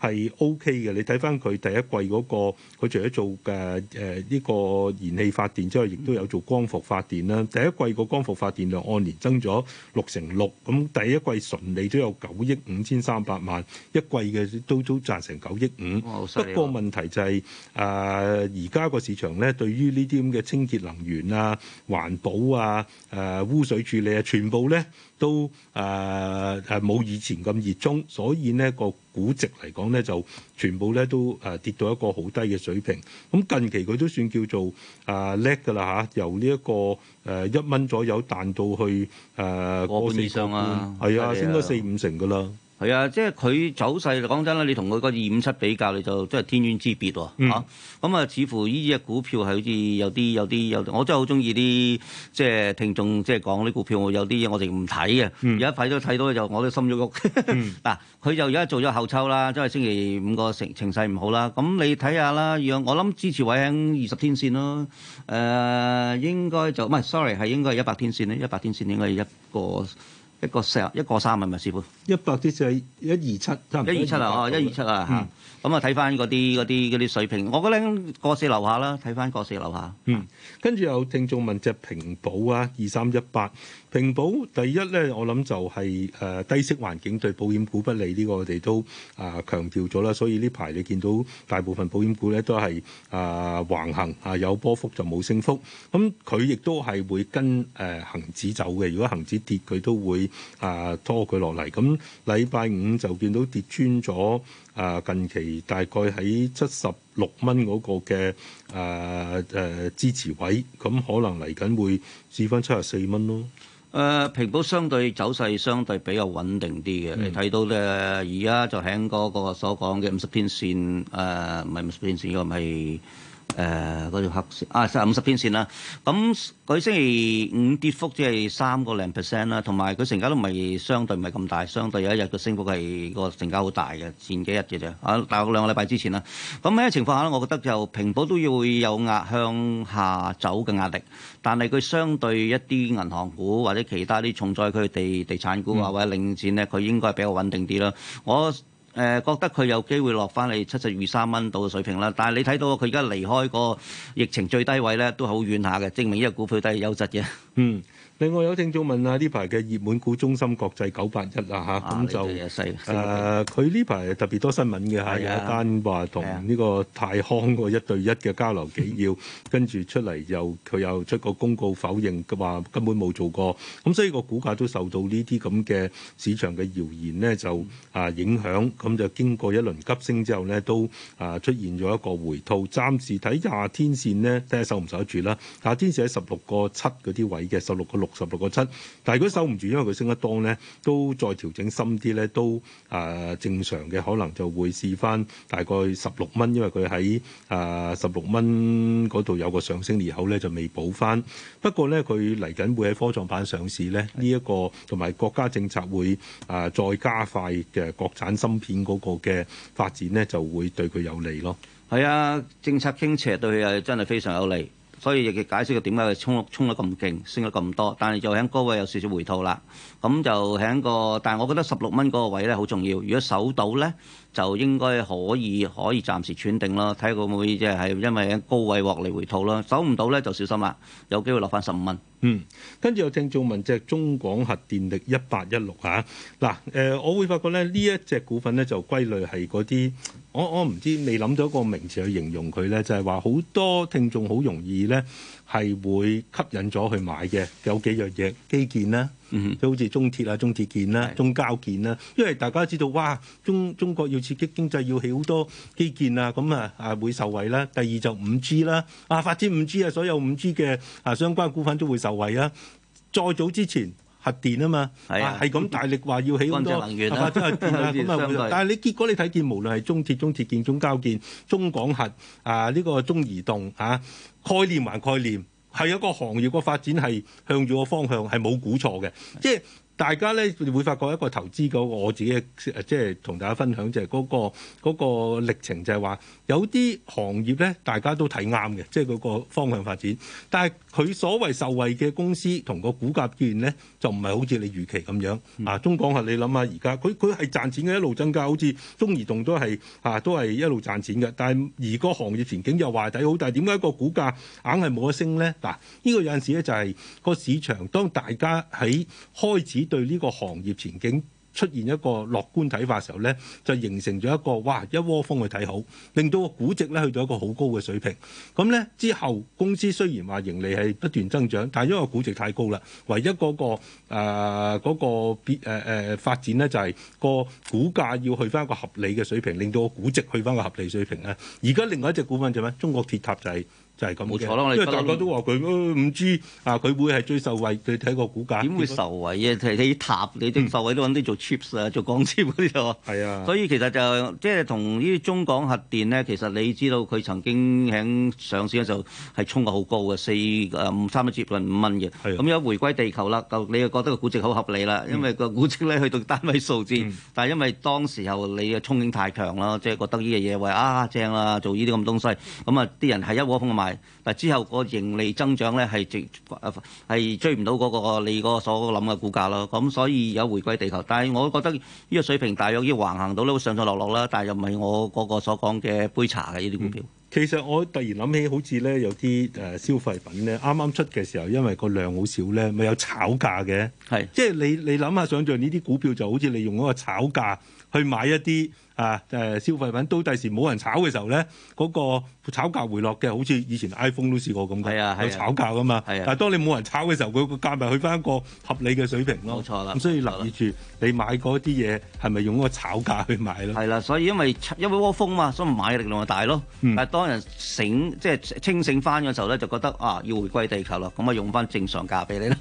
係 O K 嘅，你睇翻佢第一季嗰、那個，佢除咗做嘅誒呢個燃氣發電之外，亦都有做光伏發電啦。第一季個光伏發電量按年增咗六成六，咁第一季純利都有九。億五千三百萬一季嘅都都賺成九億五，哦、不過問題就係誒而家個市場咧，對於呢啲咁嘅清潔能源啊、環保啊、誒、呃、污水處理啊，全部咧。都誒誒冇以前咁熱衷，所以呢個估值嚟講呢，就全部呢都誒、呃、跌到一個好低嘅水平。咁近期佢都算叫做誒叻㗎啦嚇，由呢、呢個呃、一個誒一蚊左右彈到去誒、呃、過半以上啊，係半啊，升得、啊啊、四五成㗎啦。係啊，即係佢走勢，講真啦，你同佢個二五七比較，你就真係天淵之別喎咁、嗯、啊，似乎呢隻股票係好似有啲、有啲、有，有，我真係好中意啲即係聽眾即係講啲股票，我有啲嘢我哋唔睇嘅。而家睇都睇到就我都心喐喐。嗱、 嗯，佢、啊、就而家做咗後抽啦，即、就、係、是、星期五個成情勢唔好啦。咁你睇下啦，若我諗支持位喺二十天線咯。誒、呃，應該就唔係、嗯，sorry，係應該係一百天線咧。一百天線應該係一個。一個四，一個三係咪師傅？一百啲就係一二七，一二七啊，哦，一二七啊嚇。咁、嗯、啊，睇翻嗰啲啲啲水平，我覺得過四樓下啦，睇翻過四樓下。嗯，跟住有聽眾問隻平保啊，二三一八。平保第一咧，我諗就係、是、誒、呃、低息環境對保險股不利呢、這個我，我哋都啊強調咗啦。所以呢排你見到大部分保險股咧都係啊、呃、橫行啊有波幅就冇升幅。咁佢亦都係會跟誒恆、呃、指走嘅。如果恆指跌，佢都會啊、呃、拖佢落嚟。咁禮拜五就見到跌穿咗啊、呃、近期大概喺七十六蚊嗰個嘅啊誒支持位，咁、嗯、可能嚟緊會試翻七十四蚊咯。誒、呃，平保相對走勢相對比較穩定啲嘅，嗯、你睇到咧，而家就喺嗰個所講嘅五十天線。誒、呃，唔係五十天線，線應唔係。誒嗰條黑線啊，十五十天線啦、啊。咁、那、佢、個、星期五跌幅只係三個零 percent 啦，同埋佢成交都唔係相對唔係咁大，相對有一日嘅升幅係個成交好大嘅，前幾日嘅啫。大約啊，但、那、兩個禮拜之前啦，咁咩情況下咧，我覺得就平保都要會有壓向下走嘅壓力，但係佢相對一啲銀行股或者其他啲重災區地地產股啊或者領展咧，佢應該係比較穩定啲啦。我誒覺得佢有機會落翻嚟七十二三蚊度嘅水平啦，但係你睇到佢而家離開個疫情最低位咧，都好遠下嘅，證明依個股票都係優質嘅，嗯 。另外有聽眾問啊，呢排嘅熱門股中心國際九八一啊嚇，咁就誒佢呢排特別多新聞嘅嚇，哎、呀有一單話同呢個泰康個一對一嘅交流紀要，哎、呀跟住出嚟又佢又出個公告否認，佢話根本冇做過，咁所以個股價都受到呢啲咁嘅市場嘅謠言呢就啊影響，咁就經過一輪急升之後呢，都啊出現咗一個回吐，暫時睇廿天線呢，睇下受唔受得住啦。廿天線喺十六個七嗰啲位嘅，十六個六。十六個七，但係佢收唔住，因為佢升得多咧，都再調整深啲咧，都啊、呃、正常嘅，可能就會試翻大概十六蚊，因為佢喺啊十六蚊嗰度有個上升裂口咧，就未補翻。不過咧，佢嚟緊會喺科創板上市咧，呢一個同埋國家政策會啊、呃、再加快嘅國產芯片嗰個嘅發展咧，就會對佢有利咯。係啊，政策傾斜對佢係真係非常有利。所以亦嘅解釋到點解佢衝衝得咁勁，升得咁多，但係就喺高位有少少回吐啦。咁就喺個，但係我覺得十六蚊嗰個位咧，好重要。如果守到咧，就應該可以可以暫時斷定咯。睇下佢會唔會即係因為喺高位獲利回吐咯。守唔到咧就小心啦。有機會落翻十五蚊。嗯，跟住有聽眾問隻中廣核電力一八一六吓嗱，誒、呃，我會發覺咧呢一隻股份咧就歸類係嗰啲。我我唔知未諗咗個名詞去形容佢咧。就係話好多聽眾好容易咧係會吸引咗去買嘅有幾樣嘢，基建啦，即好似中鐵啊、中鐵建啦、中交建啦，因為大家知道哇，中中國要刺激經濟要起好多基建啊，咁啊啊會受惠啦。第二就五 G 啦，啊發展五 G 啊，G，所有五 G 嘅啊相關股份都會受惠啊。再早之前。核電，啊、核電啊嘛，係啊，咁大力話要起咁多，能源核電啊，咁啊，但係你結果你睇見，無論係中鐵、中鐵建、中交建、中廣核啊，呢、這個中移動啊，概念還概念，係一個行業個發展係向住個方向係冇估錯嘅。的即係大家咧會發覺一個投資嗰我自己，即係同大家分享就係、是、嗰、那個嗰、那個、歷程就，就係話有啲行業咧大家都睇啱嘅，即係嗰個方向發展，但係。佢所謂受惠嘅公司同個股價見呢，就唔係好似你預期咁樣啊。中港啊，你諗下而家，佢佢係賺錢嘅一路增加，好似中移動都係啊，都係一路賺錢嘅。但係而個行業前景又話底好，但係點解個股價硬係冇得升呢？嗱、啊，呢、呢個有陣時咧就係個市場，當大家喺開始對呢個行業前景。出現一個樂觀睇法嘅時候咧，就形成咗一個哇一窩蜂去睇好，令到個估值咧去到一個好高嘅水平。咁咧之後，公司雖然話盈利係不斷增長，但因為估值太高啦，唯一嗰、那個嗰個誒嗰、呃嗰個變誒、呃、發展咧就係、是、個股價要去翻一個合理嘅水平，令到個估值去翻個合理水平咧。而家另外一隻股份就咩？中國鐵塔就係、是。就係咁，冇錯啦。即係大家都話佢，誒五 G 啊，佢會係最受惠。你睇個股價點會受惠啊？睇塔，你啲受惠都揾啲做 chips 啊，嗯、做光纖嗰啲咗。 是啊。所以其實就即係同呢啲中港核電咧，其實你知道佢曾經喺上市嘅時候係衝過好高嘅四誒五三蚊，接近五蚊嘅。咁一是、啊嗯、回歸地球啦，你就你又覺得個估值好合理啦，因為個估值咧去到單位數字，嗯、但係因為當時候你嘅憧憬太強啦，即係覺得呢樣嘢為啊正啦，做呢啲咁東西，咁啊啲人係一窩蜂買。但之後個盈利增長咧係直係追唔到嗰個你個所諗嘅股價咯，咁所以有回歸地球。但係我覺得呢個水平大約要橫行到咧，上上落落啦。但係又唔係我嗰個所講嘅杯茶嘅呢啲股票、嗯。其實我突然諗起，好似咧有啲誒消費品咧，啱啱出嘅時候，因為個量好少咧，咪有炒價嘅。係是，即係你你諗下，想象呢啲股票就好似你用嗰個炒價。去買一啲啊誒、呃、消費品，到第時冇人炒嘅時候咧，嗰、嗰個炒價回落嘅，好似以前 iPhone 都試過咁嘅，去、啊啊、炒價噶嘛。啊、但係當你冇人炒嘅時候，佢個、啊、價咪去翻一個合理嘅水平咯。冇錯啦，咁所以留意住你買嗰啲嘢係咪用嗰個炒價去買咯。係啦、啊，所以因為因為窩蜂啊嘛，所以買嘅力量就大咯。嗯、但係當人醒即係、即係、清醒翻嘅時候咧，就覺得啊要回歸地球啦，咁啊用翻正常價俾你啦。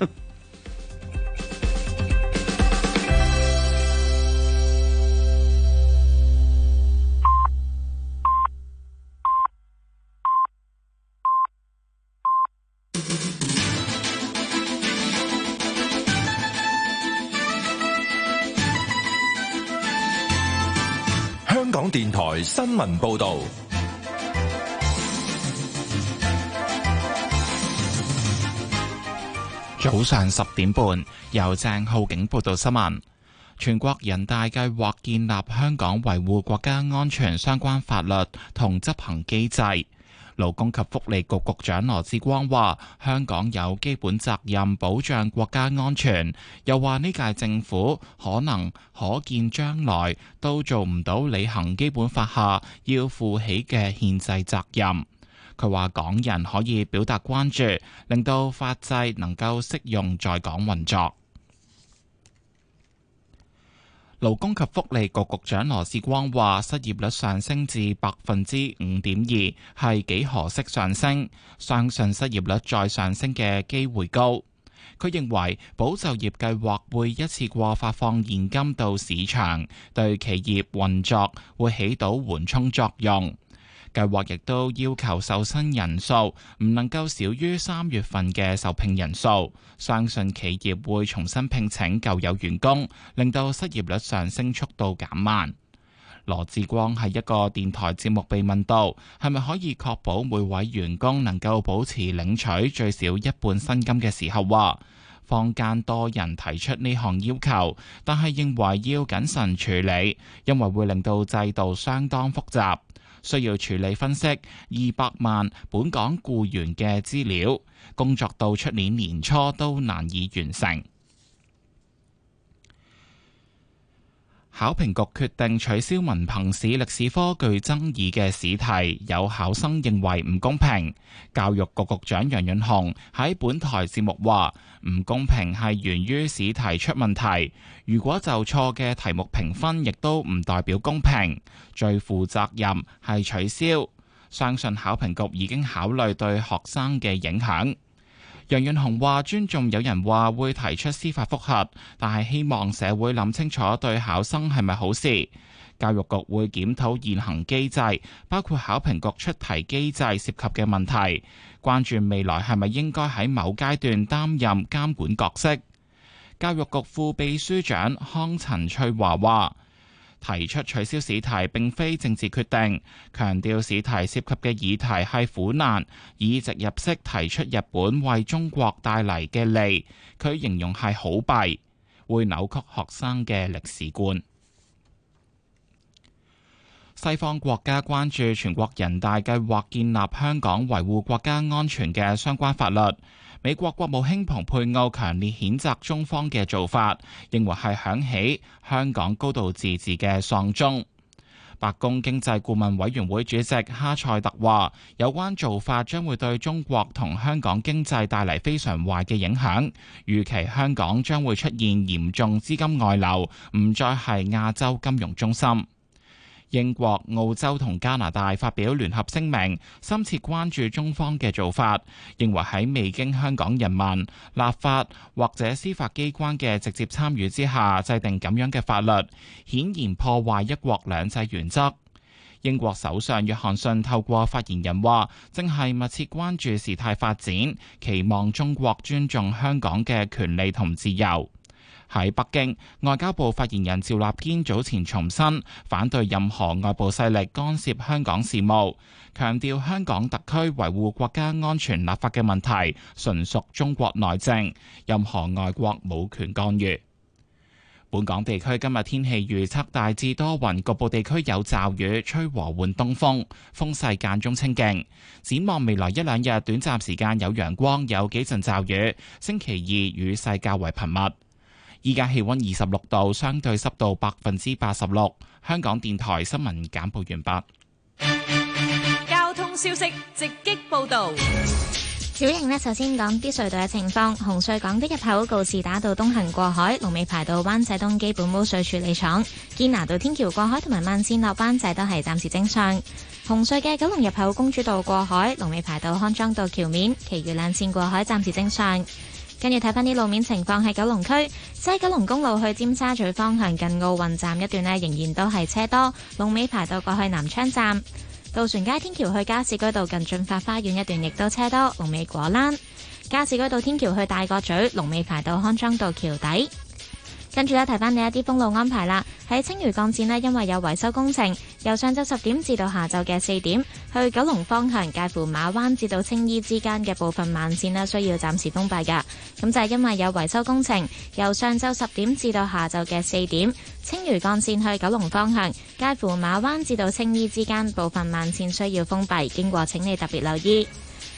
香港電台新聞報道，早上十點半，由鄭浩景報道新聞。全國人大計劃建立香港維護國家安全相關法律同執行機制。勞工及福利局局長羅致光話：香港有基本責任保障國家安全，又話呢屆政府可能可見將來都做唔到履行基本法下要負起嘅憲制責任。佢話港人可以表達關注，令到法制能夠適用在港運作。勞工及福利局局長羅誌光話：失業率上升至百分之五點二，係幾何式上升，相信失業率再上升嘅機會高。佢認為，保就業計劃會一次過發放現金到市場，對企業運作會起到緩衝作用。計劃亦都要求受薪人數唔能夠少於三月份嘅受聘人數，相信企業會重新聘請舊有員工，令到失業率上升速度減慢。羅致光喺一個電台節目被問到係咪可以確保每位員工能夠保持領取最少一半薪金嘅時候，話坊間多人提出呢項要求，但係認為要謹慎處理，因為會令到制度相當複雜。需要處理分析二百萬本港僱員嘅資料，工作到出年年初都難以完成。考評局決定取消文憑試歷史科具爭議嘅試題，有考生認為唔公平。教育局局長楊潤雄喺本台節目話：唔公平係源於試題出問題，如果就錯嘅題目評分，亦都唔代表公平。最負責任係取消，相信考評局已經考慮對學生嘅影響。楊潤雄話：尊重有人話會提出司法複核，但係希望社會諗清楚對考生係咪好事。教育局會檢討現行機制，包括考評局出題機制涉及嘅問題，關注未來係咪應該喺某階段擔任監管角色。教育局副秘書長康陳翠華話。提出取消史題並非政治決定，強調史題涉及嘅議題係苦難，以直入式提出日本為中國帶嚟嘅利，佢形容係好弊，會扭曲學生嘅歷史觀。西方國家關注全國人大計劃建立香港維護國家安全嘅相關法律。美國國務卿蓬佩奧強烈譴責中方嘅做法，認為係響起香港高度自治嘅喪鐘。白宮經濟顧問委員會主席哈塞特話，有關做法將會對中國同香港經濟帶嚟非常壞嘅影響，預期香港將會出現嚴重資金外流，唔再係亞洲金融中心。英國、澳洲同加拿大發表聯合聲明，深切關注中方嘅做法，認為喺未經香港人民、立法或者司法機關嘅直接參與之下制定咁樣嘅法律，顯然破壞一國兩制原則。英國首相約翰遜透過發言人話，正係密切關注事態發展，期望中國尊重香港嘅權利同自由。喺北京，外交部發言人趙立堅早前重申，反對任何外部勢力干涉香港事務，強調香港特區維護國家安全立法嘅問題純屬中國內政，任何外國冇權干預。本港地區今日天氣預測大致多雲，局部地區有驟雨，吹和緩東風，風勢間中清勁，展望未來一兩日，短暫時間有陽光，有幾陣驟雨。星期二雨勢較為頻密。依家氣温二十六度，相對濕度百分之八十六。香港電台新聞簡報完畢。交通消息直擊報道：小盈呢，首先講啲隧道嘅情況。紅隧港島入口告士打道東行過海，龍尾排到灣仔東基本污水處理廠；堅拿道天橋過海同埋慢線落灣仔都係暫時正常。紅隧嘅九龍入口公主道過海，龍尾排到康莊道橋面，其餘兩線過海暫時正常。跟住睇翻啲路面情況，喺九龍區西九龍公路去尖沙咀方向，近奧運站一段呢，仍然都係車多，龍尾排到過去南昌站；渡船街天橋去加士居道近駿發花園一段，亦都車多，龍尾果欄；加士居道天橋去大角咀，龍尾排到康莊道橋底。跟住咧，提翻你一啲封路安排啦。喺青嶼幹線呢，因為有維修工程，由上晝十點至到下晝嘅四點，去九龍方向介乎馬灣至到青衣之間嘅部分慢綫咧，需要暫時封閉噶。咁就係因為有維修工程，由上晝十點至到下晝嘅四點，青嶼幹線去九龍方向介乎馬灣至到青衣之間部分慢綫需要封閉，經過請你特別留意。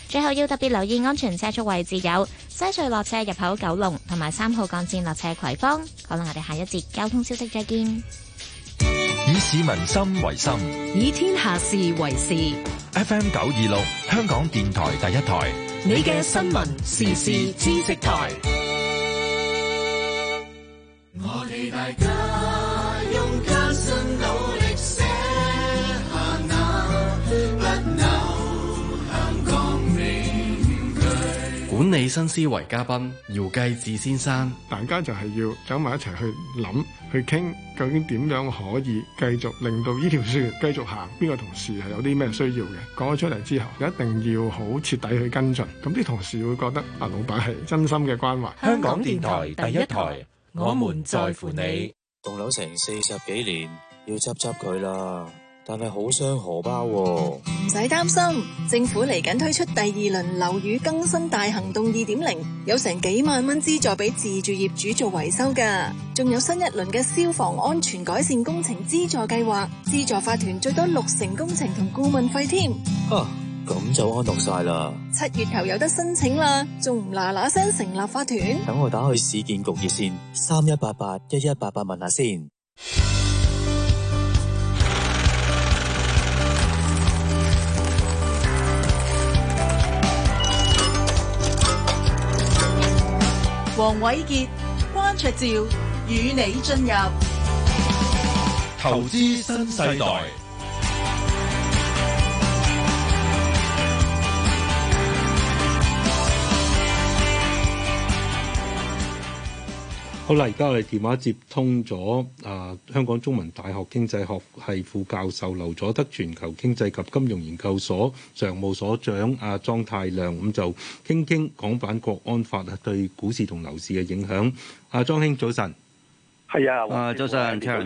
最後要特別留意安全車速位置，有西隧落車入口九、九龍同埋三號幹線落斜葵芳。可能我哋下一節交通消息再見。以市民心為心，嗯、以天下事為事。F M 九二六，香港電台第一台，你嘅新聞的時事知識台。我哋大家勇敢管理新思維嘉賓姚繼志先生，大家就係要走埋一齊去諗去傾，究竟點樣可以繼續令到呢條線繼續行？邊個同事係有啲咩需要嘅？講咗出嚟之後，一定要好徹底去跟進。咁啲同事會覺得啊，老板係真心嘅關懷。香港電台第一台，第一台，我們在乎你。棟樓成四十幾年，要執執佢啦。但係好傷荷包！啊，唔使擔心，政府嚟緊推出第二輪樓宇更新大行動二點零，有成幾萬蚊資助俾自住業主做維修噶，仲有新一輪嘅消防安全改善工程資助計劃，資助法團最多六成工程同顧問費添。吓、啊，咁就安樂晒啦！七月頭有得申請啦，仲唔嗱嗱聲成立法團？等我打去市建局熱線三一八八一一八八問下先。黃瑋傑、關焯照與你進入投資新世代。好啦，而家我哋電話接通咗。啊，香港中文大學經濟學系副教授、劉佐德全球經濟及金融研究所常務所長阿、啊、莊太量，咁、嗯、就傾傾港版國安法、啊、對股市同樓市嘅影響。阿、啊、莊兄，早晨。係啊，啊，早晨，係，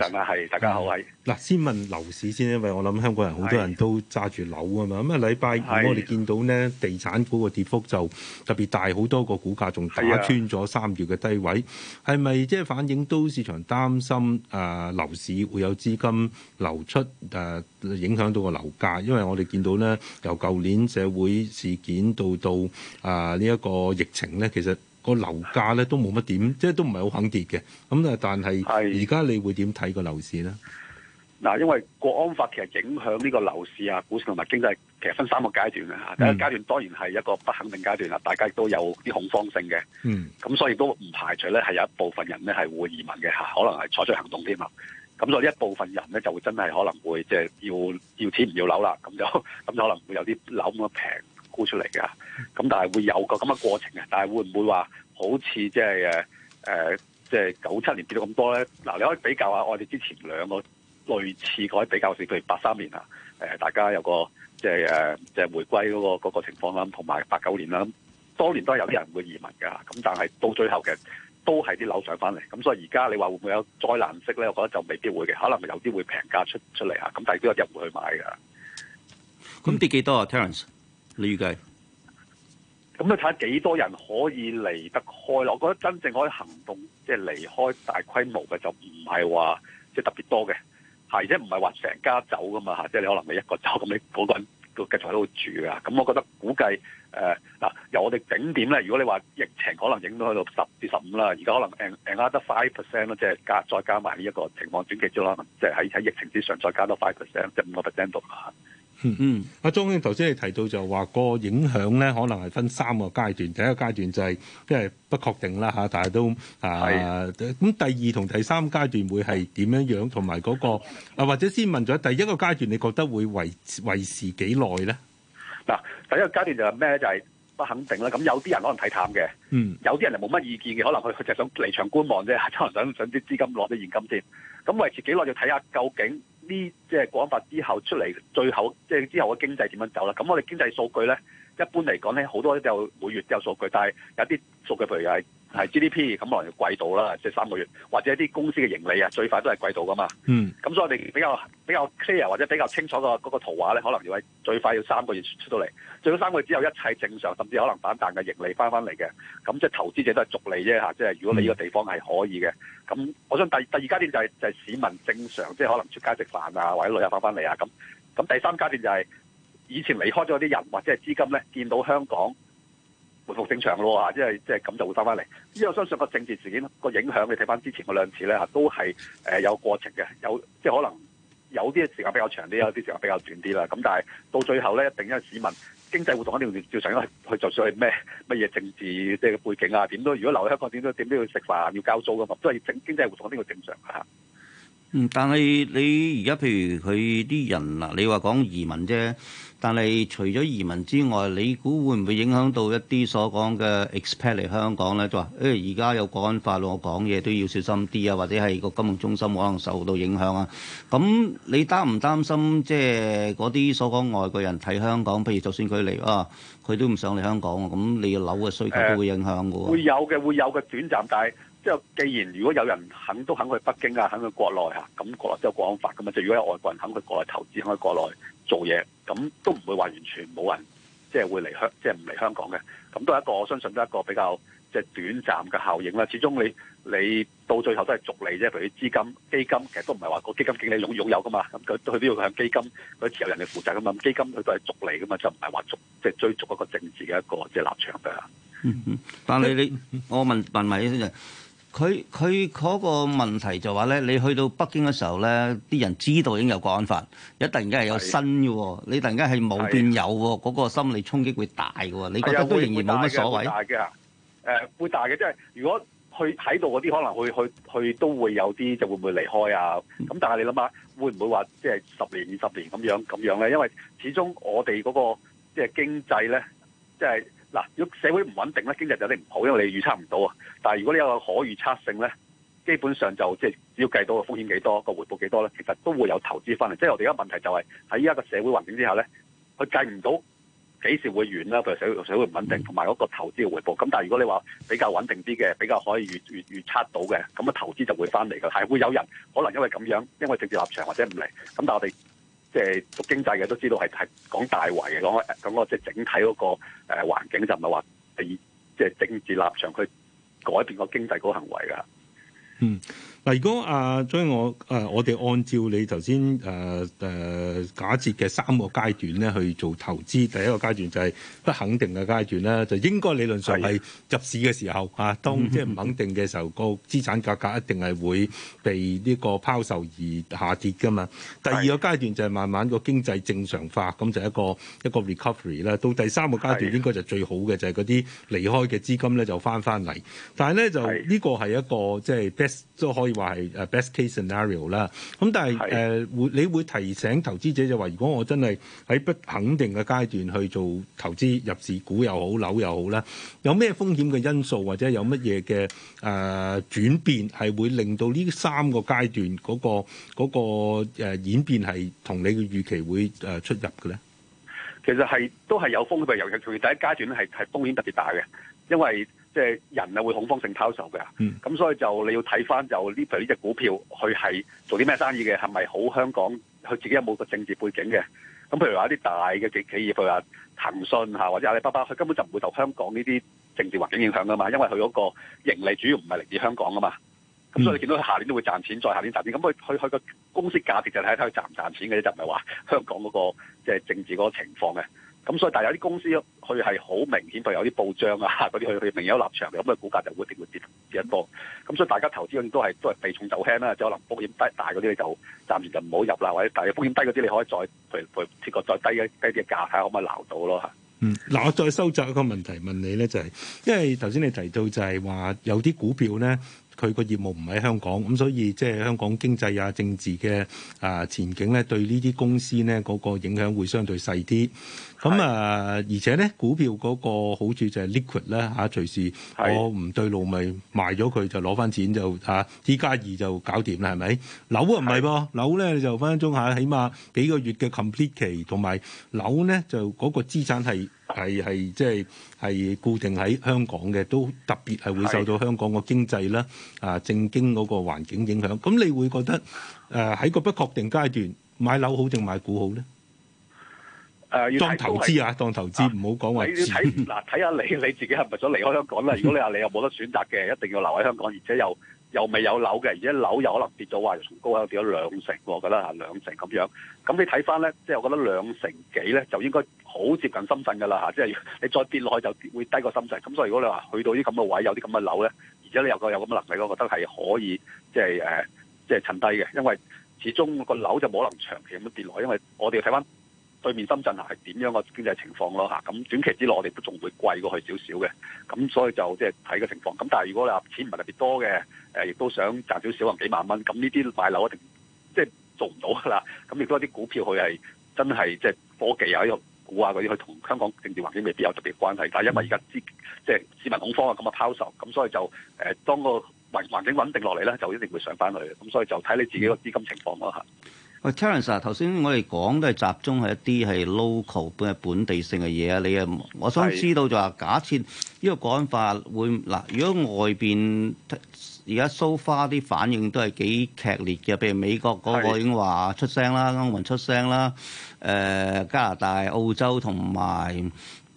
大家好啊。嗱，先問樓市先，因為我諗香港人好多人都揸住樓啊嘛。咁啊的，禮拜二我哋見到呢地產股個跌幅，就特別大，好多個股價仲打穿咗三月嘅低位。係咪即係反映都市場擔心啊樓市會有資金流出誒，影響到個樓價？因為我哋見到呢，由舊年社會事件到到啊呢一個疫情呢，其實。個樓價咧都冇乜點，即係都唔係好肯跌嘅。咁啊，但係而家你會點睇個樓市咧？嗱，因為國安法其實影響呢個樓市啊、股市同埋經濟，其實分三個階段嘅嚇。嗯、第一階段當然係一個不肯定階段啦，大家亦都有啲恐慌性嘅。嗯，咁所以都唔排除咧，係有一部分人咧係會移民嘅嚇，可能係採取行動添啊。咁所以一部分人咧就會真係可能會即係、即係、要要錢唔要樓啦。咁就咁就可能會有啲樓咁樣平。估出嚟嘅，咁但係會有個咁嘅過程嘅，但係會唔會話好似即係誒誒，即係九七年跌到咁多咧？嗱，你可以比較下我哋之前兩個類似改比較少，譬如八三年啊，誒，大家有個即係誒，即係回歸嗰個情況啦，同埋八九年啦，當年都係有啲人會移民嘅，咁但係到最後嘅都係啲樓上翻嚟，咁所以而家你話會唔會有災難式咧？我覺得就未必會嘅，可能有啲會平價出出嚟啊，咁但係都有人會買嘅。咁跌幾多啊，Terence？你預計，咁你睇下幾多人可以離得開咯？我覺得真正可以行動，即係離開大規模嘅就唔係話即係特別多嘅，係即係唔係話成家走噶嘛嚇，即係你可能你一個走，咁你嗰個人都繼續喺度住噶。咁、嗯、我覺得估計誒嗱、呃，由我哋整點咧？如果你話疫情可能影到去到十至十五啦，而家可能 another five percent 咯，即係加再加埋呢一個情況轉極咗啦，即係喺喺疫情之上再加多 five percent 即係五個 percent 度啦。就是嗯嗯，阿鍾兄頭先你提到就話個影響咧，可能係分三個階段。第一個階段就係即係不確定啦嚇，大家都啊，咁第二同第三階段會係點樣樣？同埋嗰個啊，或者先問咗第一個階段，你覺得會維維持幾耐咧？嗱，第一個階段就係咩咧？就係不肯定啦。咁有啲人可能睇淡嘅，有啲人就冇乜意見嘅，可能佢佢就想離場觀望啫，可能想想啲資金攞啲現金先。咁維持幾耐要睇下究竟。呢即係國安法之後出嚟，最後即係之後嘅經濟點樣走啦？咁我哋經濟數據咧。一般嚟講咧，好多都有每月都有數據，但係有啲數據，譬如係係 GDP，咁可能要季度啦，即係三個月，或者一啲公司嘅盈利啊，最快都係季度噶嘛。嗯。咁所以我哋比較比較 clear 或者比較清楚個嗰個圖畫咧，可能要係最快要三個月出到嚟，最少三個月之後一切正常，甚至可能反彈嘅盈利翻翻嚟嘅。咁即係投資者都係逐利啫嚇，即係如果你呢個地方係可以嘅，咁我想第二第二階段就係就係市民正常，即係可能出街食飯啊，或者旅遊翻翻嚟啊咁。咁第三階段就係。以前離開咗啲人或者係資金咧，見到香港回復正常咯啊！即係即係咁就會翻翻嚟。因為我相信個政治事件個影響，你睇翻之前嗰兩次咧嚇，都係誒有過程嘅，有即係可能有啲時間比較長啲，有啲時間比較短啲啦。咁但係到最後咧，一定因為市民經濟活動一定要照常，因為佢就算係咩乜嘢政治即係背景啊，點都如果留喺香港，點都點都要食飯，要交租噶嘛，都係整經濟活動一定要正常啊。嗯，但係你而家譬如佢啲人嗱，你話講移民啫，但係除咗移民之外，你估會唔會影響到一啲所講嘅 expat 嚟香港咧？就話誒而家有講法咯，我講嘢都要小心啲啊，或者係個金融中心可能受到影響啊。咁你擔唔擔心即係嗰啲所講外國人睇香港，譬如就算佢嚟啊，佢都唔想嚟香港，咁你樓嘅需求都會影響嘅、呃。會有嘅，會有嘅短暫，但係。即係，既然如果有人肯都肯去北京啊，肯去國內嚇，咁、嗯、國內即係國安法嘛。啊、嗯，就如果有外國人肯去國內投資，肯去國內做嘢，咁、嗯、都唔會話完全冇人，即係會嚟香，即係唔嚟香港嘅。咁、嗯、都係一個我相信都係一個比較即係短暫嘅效應啦。始終你你到最後都係逐利啫。譬如資金基金，其實都唔係話個基金經理擁擁有噶嘛。咁、嗯、佢都要向基金嗰持有人嚟負責噶嘛、嗯。基金佢都係逐利噶嘛，就唔係話逐即係追逐一個政治嘅一個即係立場嘅。嗯，但你你我問問埋先就。佢佢嗰個問題就話咧，你去到北京嘅時候咧，啲人知道已經有國安法，一突然間係有新嘅喎，是的 你突然間係冇變有喎，嗰是的 個心理衝擊會大嘅喎，你覺得都仍然冇乜所謂？大嘅誒，會大嘅、呃，即係如果去喺度嗰啲，可能會去去都會有啲，就會唔會離開啊？咁但係你諗下，會唔會話即係十年、二十年咁樣咁樣咧？因為始終我哋嗰、那個即係經濟咧，即係。嗱，如果社會唔穩定咧，經濟就有啲唔好，因為你預測唔到啊。但係如果你有個可預測性咧，基本上就即係只要計到個風險幾多，個回報幾多咧，其實都會有投資翻嚟。即係我哋而家問題就係喺依家個社會環境之下咧，佢計唔到幾時會完啦。譬如社會社會唔穩定，同埋嗰個投資嘅回報。咁但係如果你話比較穩定啲嘅，比較可以預預預測到嘅，咁啊投資就會翻嚟嘅。係會有人可能因為咁樣，因為直接立場或者唔嚟。咁但係我哋。即係讀經濟嘅都知道係係講大圍嘅，講咁嗰即係整體嗰個誒環境，就唔係話以即係政治立場去改變個經濟嗰個行為噶。嗯。嗱，如果啊、呃，所以我誒、呃、我哋按照你頭先誒誒假設嘅三個階段咧，去做投資，第一個階段就係不肯定嘅階段啦，就應該理論上係入市嘅時候啊，當即係唔肯定嘅時候，個資產價格一定係會被呢個拋售而下跌噶嘛。第二個階段就係慢慢個經濟正常化，咁就一個一個 recovery 啦。到第三個階段應該就最好嘅，就係嗰啲離開嘅資金咧就翻翻嚟。但係咧就呢個係一個即係 best 都可以。話係誒 best case scenario 啦，咁但係誒會你會提醒投資者就話，如果我真係喺不肯定嘅階段去做投資，入市，股又好樓又好啦，有咩風險嘅因素，或者有乜嘢嘅誒轉變係會令到呢三個階段嗰個嗰個誒演變係同你嘅預期會誒出入嘅咧？其實係都係有風險，尤其係第一階段係係風險特別大嘅，因為。即係人啊會恐慌性拋售㗎，咁、嗯、所以就你要睇翻就呢？譬如呢隻股票佢係做啲咩生意嘅，係咪好香港？佢自己有冇個政治背景嘅？咁譬如話一啲大嘅企企業，譬如話騰訊嚇或者阿里巴巴，佢根本就唔會受香港呢啲政治環境影響㗎嘛，因為佢嗰個盈利主要唔係嚟自香港㗎嘛。咁所以你見到佢下年都會賺錢，再下年賺錢，咁佢佢佢個公司價值就睇睇佢賺唔賺錢嘅啫，就唔係話香港嗰、嗰個即係、就是、政治嗰個情況嘅。咁所以，但係有啲公司佢係好明顯，譬如有啲報章啊，嗰啲佢佢明有立場，咁嘅股價就會一定會跌跌得多。咁所以大家投資都係都係避重就輕啦，即係可能風險低大嗰啲你就暫時就唔好入啦，或者大風險低嗰啲你可以再，譬如譬如再低，低一低啲價睇下可唔可以撈到咯嚇。嗯，嗱我再收集一個問題問你咧，就係因為頭先你提到就係話有啲股票咧。佢個業務唔喺香港，咁所以即係香港經濟啊、政治嘅啊前景咧，對呢啲公司咧嗰個影響會相對細啲。咁是啊，而且咧股票嗰個好處就係 liquid 啦、啊、嚇，隨時我唔對路咪賣咗佢就攞翻錢就嚇、啊、T 加二就搞掂啦，係咪？樓啊唔係噃，是樓咧就分分鐘下，起碼幾個月嘅 complete 期，同埋樓咧就嗰個資產係。係係即係係固定喺香港嘅，都特別係會受到香港個經濟啦、啊政經嗰個環境影響。咁你會覺得誒喺個不確定階段買樓好定買股好咧？誒，要當投資啊，當投資唔好講話。你睇嗱，睇下你你自己係咪想離開香港咧？如果你話你又冇得選擇嘅，一定要留喺香港，而且又。又未有樓嘅，而家樓有可能跌咗，話從高位跌咗兩成，我覺得嚇、啊、兩成咁樣。咁、嗯、你睇翻咧，即係我覺得兩成幾咧，就應該好接近深圳噶啦嚇。即係你再跌落去就會低過深圳。咁、啊、所以如果你話去到啲咁嘅位，有啲咁嘅樓咧，而且你有個有咁嘅能力，我覺得係可以即係誒，即、就、係、是啊就是、趁低嘅。因為始終個樓就冇可能長期咁跌落去，因為我哋要睇翻對面深圳嚇係點樣嘅經濟情況咯嚇。咁、啊、短、啊、期之內我哋都仲會貴過去少少嘅，咁、啊、所以就即係睇個情況。咁、啊、但係如果你話錢唔係特別多嘅，誒，亦都想賺少少，可能幾萬蚊咁。呢啲買樓一定即係做唔到噶啦。咁亦都啲股票，佢係真係即係科技啊，嗰啲股啊嗰啲，佢同香港政治環境未必有特別關係。但係因為而家資即係市民恐慌啊，咁啊拋售，咁所以就誒當個環環境穩定落嚟咧，就一定會上翻去。咁所以就睇你自己個資金情況咯嚇。喂，Terence 啊，頭先我哋講都係集中係一啲係 local 本係本地性嘅嘢啊。你啊，我想知道就話，假設呢個國安法會嗱，如果外邊。而家 so far 啲反應都係幾劇烈嘅，譬如美國嗰個已經話出聲啦，歐盟出聲啦，誒加拿大、澳洲同埋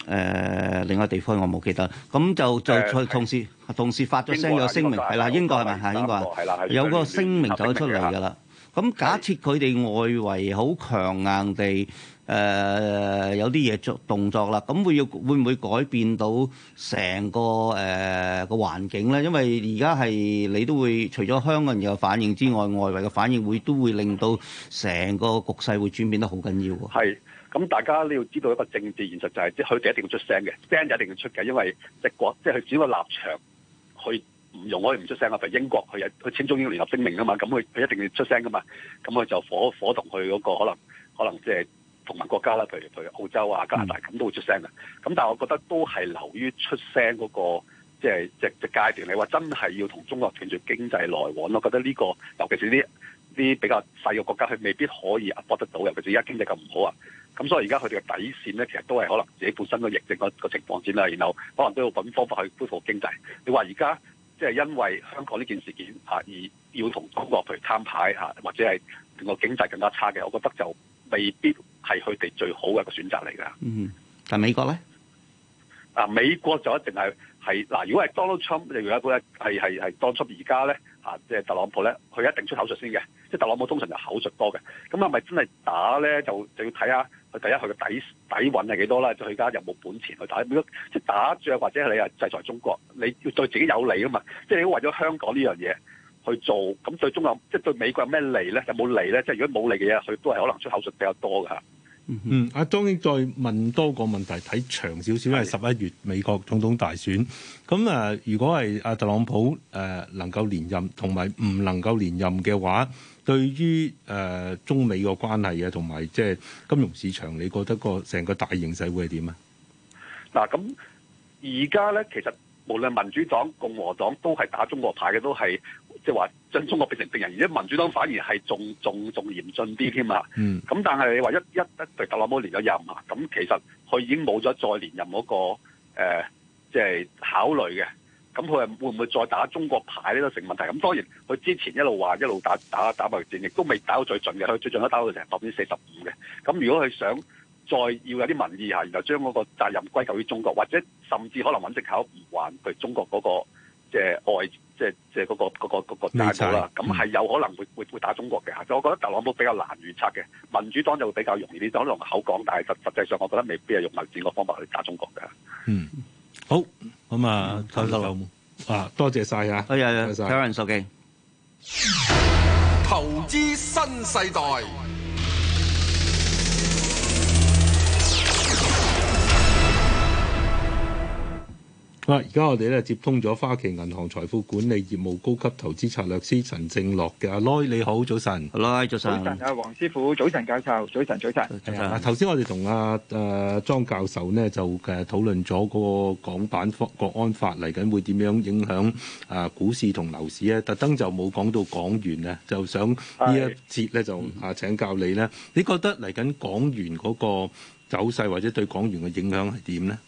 誒另外一個地方我冇記得，咁就就同時同時發咗聲有聲明，係啦，英國係咪啊？英國係啦係啦，有個聲明走咗出嚟㗎啦。咁假設佢哋外圍好強硬地。誒、呃、有啲嘢作動作啦，咁會要會唔會改變到成個誒、呃、個環境咧？因為而家係你都會除咗香港人有反應之外，外圍嘅反應都會都會令到成個局勢會轉變得好緊要喎。係，咁、嗯、大家你要知道一個政治現實就係、是，即係佢哋一定要出聲嘅，聲就一定要出嘅，因為國即係即係佢只要立場，佢唔容我哋唔出聲啊，譬如英國佢有佢簽中英聯合聲明啊嘛，咁佢佢一定要出聲噶嘛，咁佢就火火動佢嗰個可能可能即係。同埋國家啦，譬如譬如澳洲啊、加拿大咁都會出聲嘅。咁但係我覺得都係流於出聲嗰個，即係即即階段。你話真係要同中國斷絕經濟來往，我覺得呢個尤其是啲啲比較細嘅國家，佢未必可以 support 得到。尤其是而家經濟咁唔好啊。咁所以而家佢哋嘅底線咧，其實都係可能自己本身個疫症個情況先啦。然後可能都要揾方法去恢復經濟。你話而家即係因為香港呢件事件嚇而要同中國譬如攤牌嚇，或者係令個經濟更加差嘅，我覺得就。未必係佢哋最好嘅一個選擇嚟噶。嗯，但美國咧，啊美國就一定係係嗱，如果係 Donald Trump，例如有一個咧，係係係 Donald Trump 而家咧嚇，即、啊、係、就是、特朗普咧，佢一定出口術先嘅。即係特朗普通常就口術多嘅。咁係咪真係打咧？就就要睇下佢第一佢嘅底底蘊係幾多啦？即佢而家有冇本錢去打？如果即係打仗或者係你係制裁中國，你要對自己有利啊嘛。即係你為咗香港呢樣嘢。去做咁，對中國即係對美國有咩利咧？有冇利咧？即係如果冇利嘅嘢，佢都係可能出口術比較多嘅。嗯嗯，阿、啊、莊，再問多個問題，睇長少少，因為十一月美國總統大選咁啊、呃。如果係阿特朗普誒、呃、能夠連任，同埋唔能夠連任嘅話，對於誒、呃、中美個關係啊，同埋即係金融市場，你覺得個成個大形勢會係點啊？嗱，咁而家咧，其實無論民主黨、共和黨都係打中國牌嘅，都係。即係話將中國變成敵人，而啲民主黨反而係仲仲仲嚴峻啲添啊！咁、嗯、但係你話一一一對特朗普連咗任啊，咁其實佢已經冇咗再連任嗰、那個即係、呃就是、考慮嘅。咁佢係會唔會再打中國牌呢？都成問題。咁當然佢之前一路話一路打打打貿易戰，亦都未打到最盡嘅。佢最盡都打到成百分之四十五嘅。咁如果佢想再要有啲民意下，然後將嗰個責任歸咎於中國，或者甚至可能揾藉口唔還佢中國嗰、那個即係外。呃即係即係嗰個嗰、那個嗰、那個態啦，咁係猜有可能會會會打中國嘅。就、嗯、我覺得特朗普比較難預測嘅，民主黨就比較容易啲。可能口講，但係實實際上，我覺得未必係用民主嘅方法去打中國嘅。嗯，好，咁啊，陳生啊，多謝晒！嚇、啊。好呀，睇下人數嘅投資新世代。嗱，而家我哋咧接通咗花旗銀行財富管理業務高級投資策略師陳正樂嘅阿 Lo，你好早晨。Hello, 早晨啊，黃師傅，早晨教授，早晨。早晨。頭先晨、啊、我哋同阿誒莊教授呢就誒、啊、討論咗嗰個港版國安法嚟緊會點樣影響啊股市同樓市咧，特登就冇講到港元啊，就想呢一節咧是就啊請教你咧，你覺得嚟緊港元嗰個走勢或者對港元嘅影響係點咧？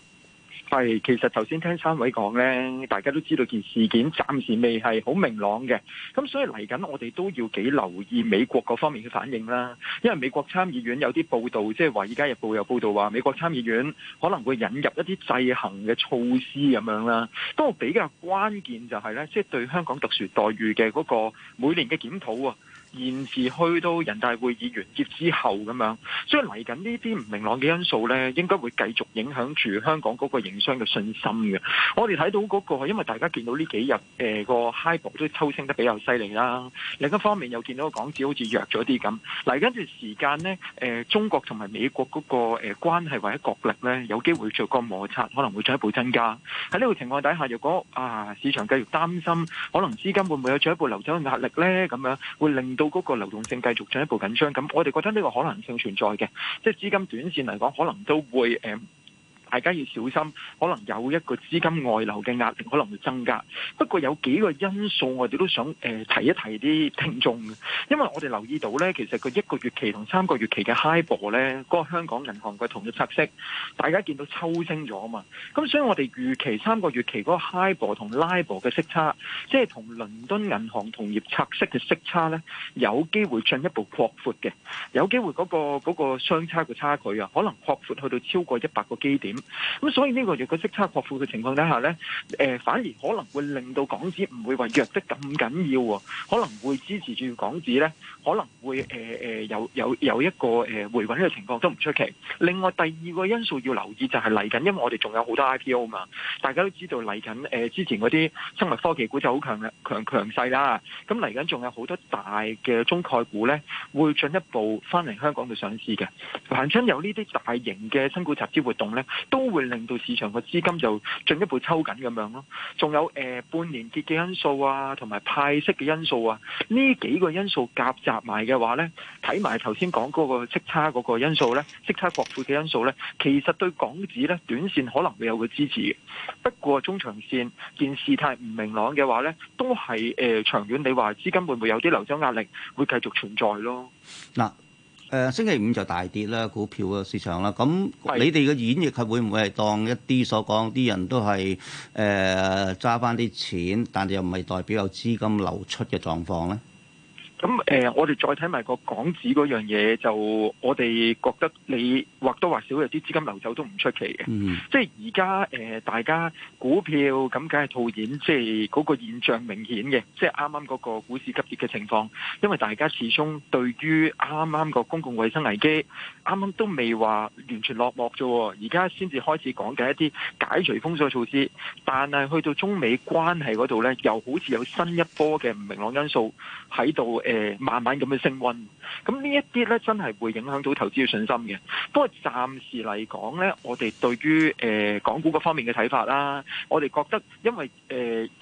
係，其實頭先聽三位講呢，大家都知道件事件暫時未係好明朗嘅，咁所以嚟緊我哋都要幾留意美國嗰方面嘅反應啦。因為美國參議院有啲報道，即係《華爾街日報》有報道話美國參議院可能會引入一啲制衡嘅措施咁樣啦。不過比較關鍵就係呢，即係對香港特殊待遇嘅嗰個每年嘅檢討啊。延遲去到人大會議完結之後咁樣，所以嚟緊呢啲唔明朗嘅因素呢，應該會繼續影響住香港嗰個營商嘅信心嘅。我哋睇到嗰、那個，因為大家見到呢幾日誒、呃、個 Hi g 博都抽升得比較犀利啦。另一方面又見到個港紙好似弱咗啲咁。嚟而段時間呢，誒、呃，中國同埋美國嗰、那個誒、呃、關係或者角力呢，有機會做個摩擦，可能會進一步增加喺呢個情況底下，如果啊市場繼續擔心，可能資金會唔會有進一步流走嘅壓力呢？咁樣會令到嗰個流動性繼續進一步緊張，咁我哋覺得呢個可能性存在嘅，即係資金短線嚟講，可能都會。誒、嗯。大家要小心，可能有一個資金外流嘅壓力可能會增加。不過有幾個因素，我哋都想誒、呃、提一提啲聽眾因為我哋留意到呢，其實個一個月期同三個月期嘅 high 博咧，嗰、那個香港銀行嘅同業拆息，大家見到抽升咗啊嘛。咁所以我哋預期三個月期嗰個 high 博同 low 博嘅息差，即係同倫敦銀行同業拆息嘅息差呢，有機會進一步擴闊嘅，有機會嗰、那個嗰、那個、相差嘅差距啊，可能擴闊去到超過一百個基點。咁、嗯、所以呢個如果息差擴闊嘅情況底下呢，誒、呃、反而可能會令到港紙唔會話弱得咁緊要，可能會支持住港紙呢，可能會誒誒、呃呃、有有有一個誒、呃、回穩嘅情況都唔出奇。另外第二個因素要留意就係嚟緊，因為我哋仲有好多 IPO 嘛，大家都知道嚟緊誒之前嗰啲生物科技股就好強強強勢啦，咁嚟緊仲有好多大嘅中概股呢，會進一步翻嚟香港度上市嘅，凡親有呢啲大型嘅新股集資活動呢。都會令到市場嘅資金就進一步抽緊咁樣咯。仲有誒、呃、半年結嘅因素啊，同埋派息嘅因素啊，呢幾個因素夾雜埋嘅話呢，睇埋頭先講嗰個息差嗰個因素呢，息差擴闊嘅因素呢，其實對港紙呢，短線可能會有個支持。不過中長線件事態唔明朗嘅話呢，都係誒、呃、長遠你話資金會唔會有啲流走壓力會繼續存在咯。嗱。呃呃，星期五就大跌啦，股票嘅市場啦。咁你哋嘅演繹，係會唔會係當一啲所講啲人都係誒揸翻啲錢，但係又唔係代表有資金流出嘅狀況咧？咁誒，我哋再睇埋個港紙嗰樣嘢，就我哋覺得你或多或少有啲資金流走都唔出奇嘅。即係而家誒大家股票咁梗係套現，即係嗰個現象明顯嘅。即係啱啱嗰個股市急跌嘅情況，因為大家始終對於啱啱個公共衛生危機啱啱都未話完全落幕啫。而家先至開始講緊一啲解除封鎖措施，但係去到中美關係嗰度咧，又好似有新一波嘅唔明朗因素喺度。誒，慢慢咁樣升溫，咁呢一啲咧，真係會影響到投資嘅信心嘅。不過暫時嚟講咧，我哋對於誒港股嗰方面嘅睇法啦，我哋覺得，因為誒、呃，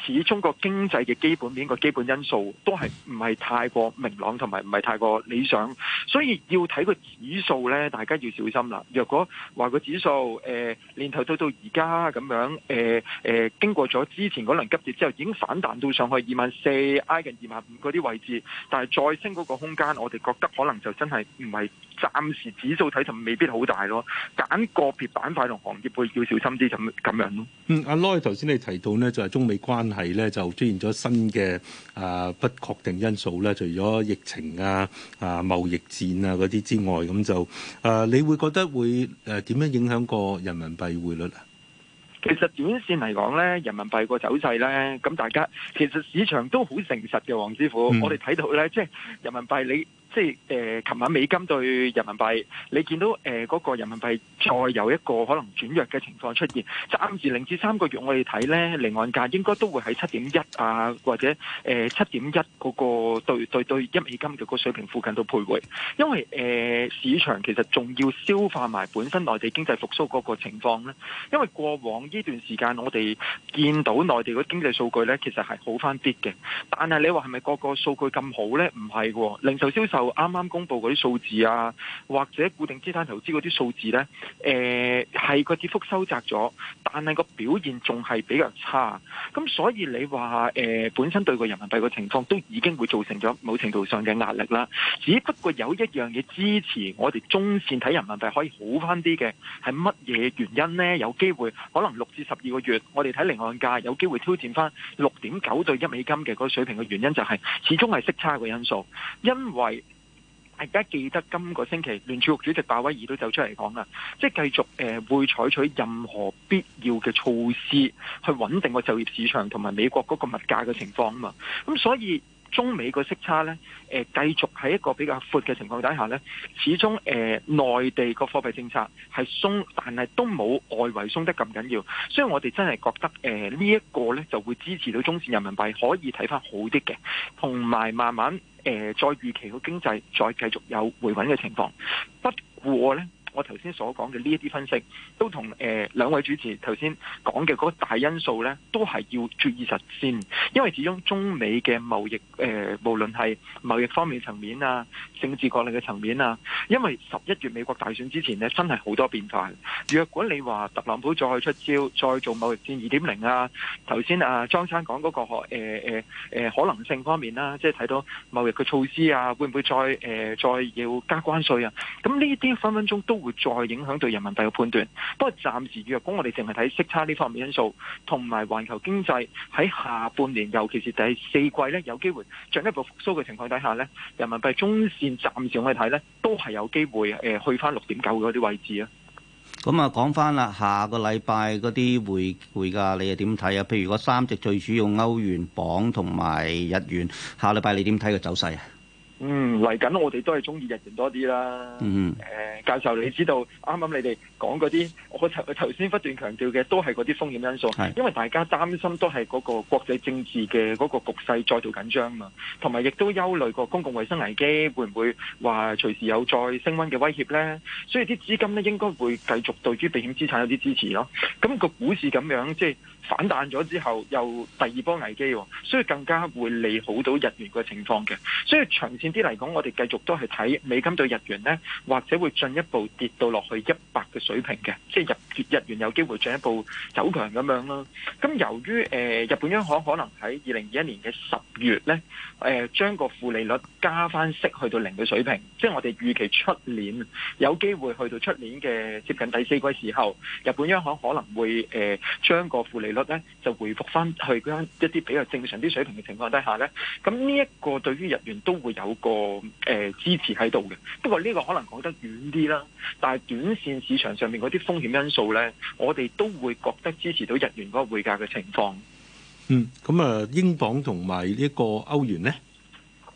始終個經濟嘅基本面，個基本因素都係唔係太過明朗，同埋唔係太過理想，所以要睇個指數咧，大家要小心啦。若果話個指數，誒、呃，年頭到到而家咁樣，誒、呃、誒、呃，經過咗之前嗰輪急跌之後，已經反彈到上去二萬四、挨近二萬五嗰啲位置。但係再升嗰個空間，我哋覺得可能就真係唔係暫時指數睇就未必好大咯。揀個別板塊同行業會要小心啲咁咁樣咯。嗯，阿 Loy 頭先你提到呢就係中美關係呢，就出現咗新嘅啊不確定因素咧，除咗疫情啊、啊貿易戰啊嗰啲之外，咁就誒、啊、你會覺得會誒點樣影響個人民幣匯率啊？其實短線嚟講咧，人民幣個走勢咧，咁大家其實市場都好誠實嘅，黃師傅，我哋睇到咧，即係人民幣你。即係誒，琴、呃、晚美金對人民幣，你見到誒嗰、呃那個人民幣再有一個可能轉弱嘅情況出現。暫時零至三個月我哋睇咧，離岸價應該都會喺七點一啊，或者誒七點一嗰個對對對一美金嘅嗰水平附近度徘徊。因為誒、呃、市場其實仲要消化埋本身內地經濟復甦嗰個情況咧。因為過往呢段時間我哋見到內地嗰經濟數據咧，其實係好翻啲嘅。但係你話係咪個個數據咁好咧？唔係嘅，零售銷售。啱啱公布嗰啲數字啊，或者固定資產投資嗰啲數字咧，誒係個跌幅收窄咗，但係個表現仲係比較差，咁所以你話誒、呃、本身對個人民幣個情況都已經會造成咗某程度上嘅壓力啦。只不過有一樣嘢支持我哋中線睇人民幣可以好翻啲嘅，係乜嘢原因咧？有機會可能六至十二個月，我哋睇離岸價有機會挑戰翻六點九對一美金嘅嗰個水平嘅原因，就是，就係始終係息差個因素，因為。大家記得今個星期聯儲局主席鮑威爾都走出嚟講啦，即係繼續誒、呃、會採取任何必要嘅措施去穩定個就業市場同埋美國嗰個物價嘅情況啊嘛，咁、嗯、所以。中美個息差呢，誒、呃，繼續喺一個比較闊嘅情況底下呢，始終誒內地個貨幣政策係鬆，但係都冇外圍鬆得咁緊要，所以我哋真係覺得誒呢一個呢，就會支持到中線人民幣可以睇翻好啲嘅，同埋慢慢誒、呃、再預期個經濟再繼續有回穩嘅情況，不過呢。我頭先所講嘅呢一啲分析，都同誒兩位主持頭先講嘅嗰個大因素呢，都係要注意實踐，因為始終中美嘅貿易誒、呃，無論係貿易方面層面啊、政治角力嘅層面啊，因為十一月美國大選之前呢，真係好多變化。若果你話特朗普再出招、再做貿易戰二點零啊，頭先啊莊生講嗰個、呃呃呃、可能性方面啦、啊，即係睇到貿易嘅措施啊，會唔會再誒、呃、再要加關稅啊？咁呢啲分分鐘都會再影響對人民幣嘅判斷，不過暫時若果我哋淨係睇息差呢方面因素，同埋環球經濟喺下半年，尤其是第四季呢，有機會進一步復甦嘅情況底下呢，人民幣中線暫時去睇呢，都係有機會誒去翻六點九嗰啲位置啊。咁啊，講翻啦，下個禮拜嗰啲匯匯價你又點睇啊？譬如嗰三隻最主要歐元、鎊同埋日元，下禮拜你點睇個走勢啊？嗯，嚟緊我哋都係中意日元多啲啦。嗯，誒、呃，教授你知道，啱啱你哋講嗰啲，我頭頭先不斷強調嘅，都係嗰啲風險因素。係是，因為大家擔心都係嗰個國際政治嘅嗰個局勢再度緊張啊嘛，同埋亦都憂慮過公共衛生危機會唔會話隨時有再升溫嘅威脅咧。所以啲資金咧應該會繼續對於避險資產有啲支持咯。咁、那個股市咁樣即係反彈咗之後，又第二波危機，所以更加會利好到日元個情況嘅。所以長線。遠啲嚟講，我哋繼續都係睇美金對日元呢，或者會進一步跌到落去一百嘅水平嘅，即係日日元有機會進一步走強咁樣咯。咁由於誒、呃、日本央行可能喺二零二一年嘅十月呢，誒、呃、將個負利率加翻息，去到零嘅水平，即係我哋預期出年有機會去到出年嘅接近第四季時候，日本央行可能會誒、呃、將個負利率呢就回復翻去一啲比較正常啲水平嘅情況底下呢。咁呢一個對於日元都會有。個誒支持喺度嘅。不過呢個可能講得遠啲啦，但係短線市場上面嗰啲風險因素呢，我哋都會覺得支持到日元嗰個匯價嘅情況。嗯，咁、嗯、啊，英鎊同埋呢個歐元呢。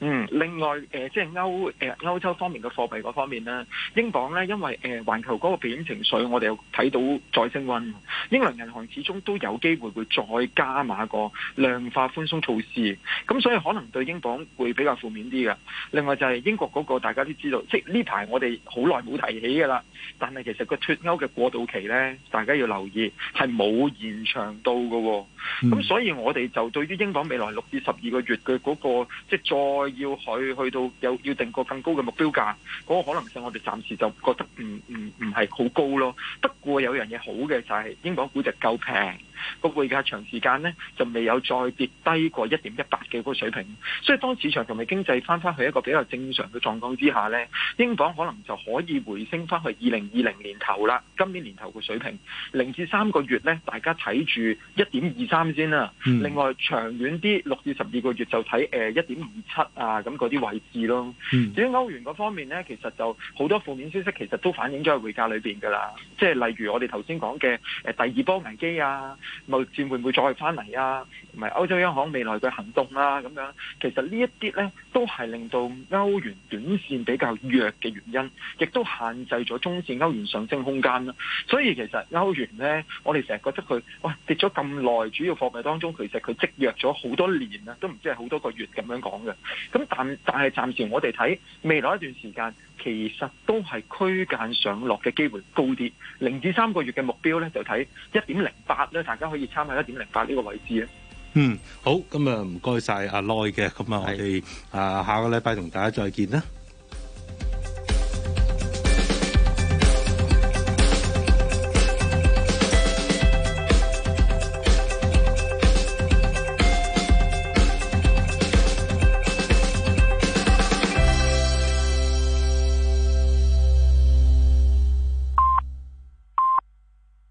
嗯，另外誒、呃，即係歐誒、呃、歐洲方面嘅貨幣嗰方面呢，英鎊呢，因為誒環、呃、球嗰個避險情緒，我哋又睇到再升溫。英倫銀行始終都有機會會再加碼個量化寬鬆措施，咁所以可能對英鎊會比較負面啲嘅。另外就係英國嗰個大家都知道，即係呢排我哋好耐冇提起嘅啦，但係其實個脫歐嘅過渡期呢，大家要留意係冇延長到嘅、哦。咁所以我哋就對於英鎊未來六至十二個月嘅嗰、嗰個即係再。要去去到有要定個更高嘅目標價，嗰個可能性我哋暫時就覺得唔唔唔係好高咯。不過有樣嘢好嘅就係英鎊估值夠平，個匯價長時間咧就未有再跌低過一點一八嘅嗰個水平。所以當市場同埋經濟翻返去一個比較正常嘅狀況之下咧，英鎊可能就可以回升翻去二零二零年頭啦，今年年頭嘅水平零至三個月咧，大家睇住一點二三先啦。 另外長遠啲六至十二個月就睇誒一點二七。啊，咁嗰啲位置咯。至於歐元嗰方面咧，其實就好多負面消息，其實都反映咗喺匯價裏邊噶啦。即係例如我哋頭先講嘅誒第二波危機啊，貿易戰會唔會再翻嚟啊？同埋歐洲央行未來嘅行動啦、啊，咁樣其實呢一啲咧都係令到歐元短線比較弱嘅原因，亦都限制咗中線歐元上升空間啦。所以其實歐元咧，我哋成日覺得佢哇跌咗咁耐，主要貨幣當中其實佢積弱咗好多年啊，都唔知係好多個月咁樣講嘅。咁但但係暫時我哋睇未來一段時間，其實都係區間上落嘅機會高啲。零至三個月嘅目標咧，就睇一點零八咧，大家可以參考一點零八呢個位置啊。嗯，好，咁的啊唔該晒阿耐嘅，咁啊我哋啊下個禮拜同大家再見啦。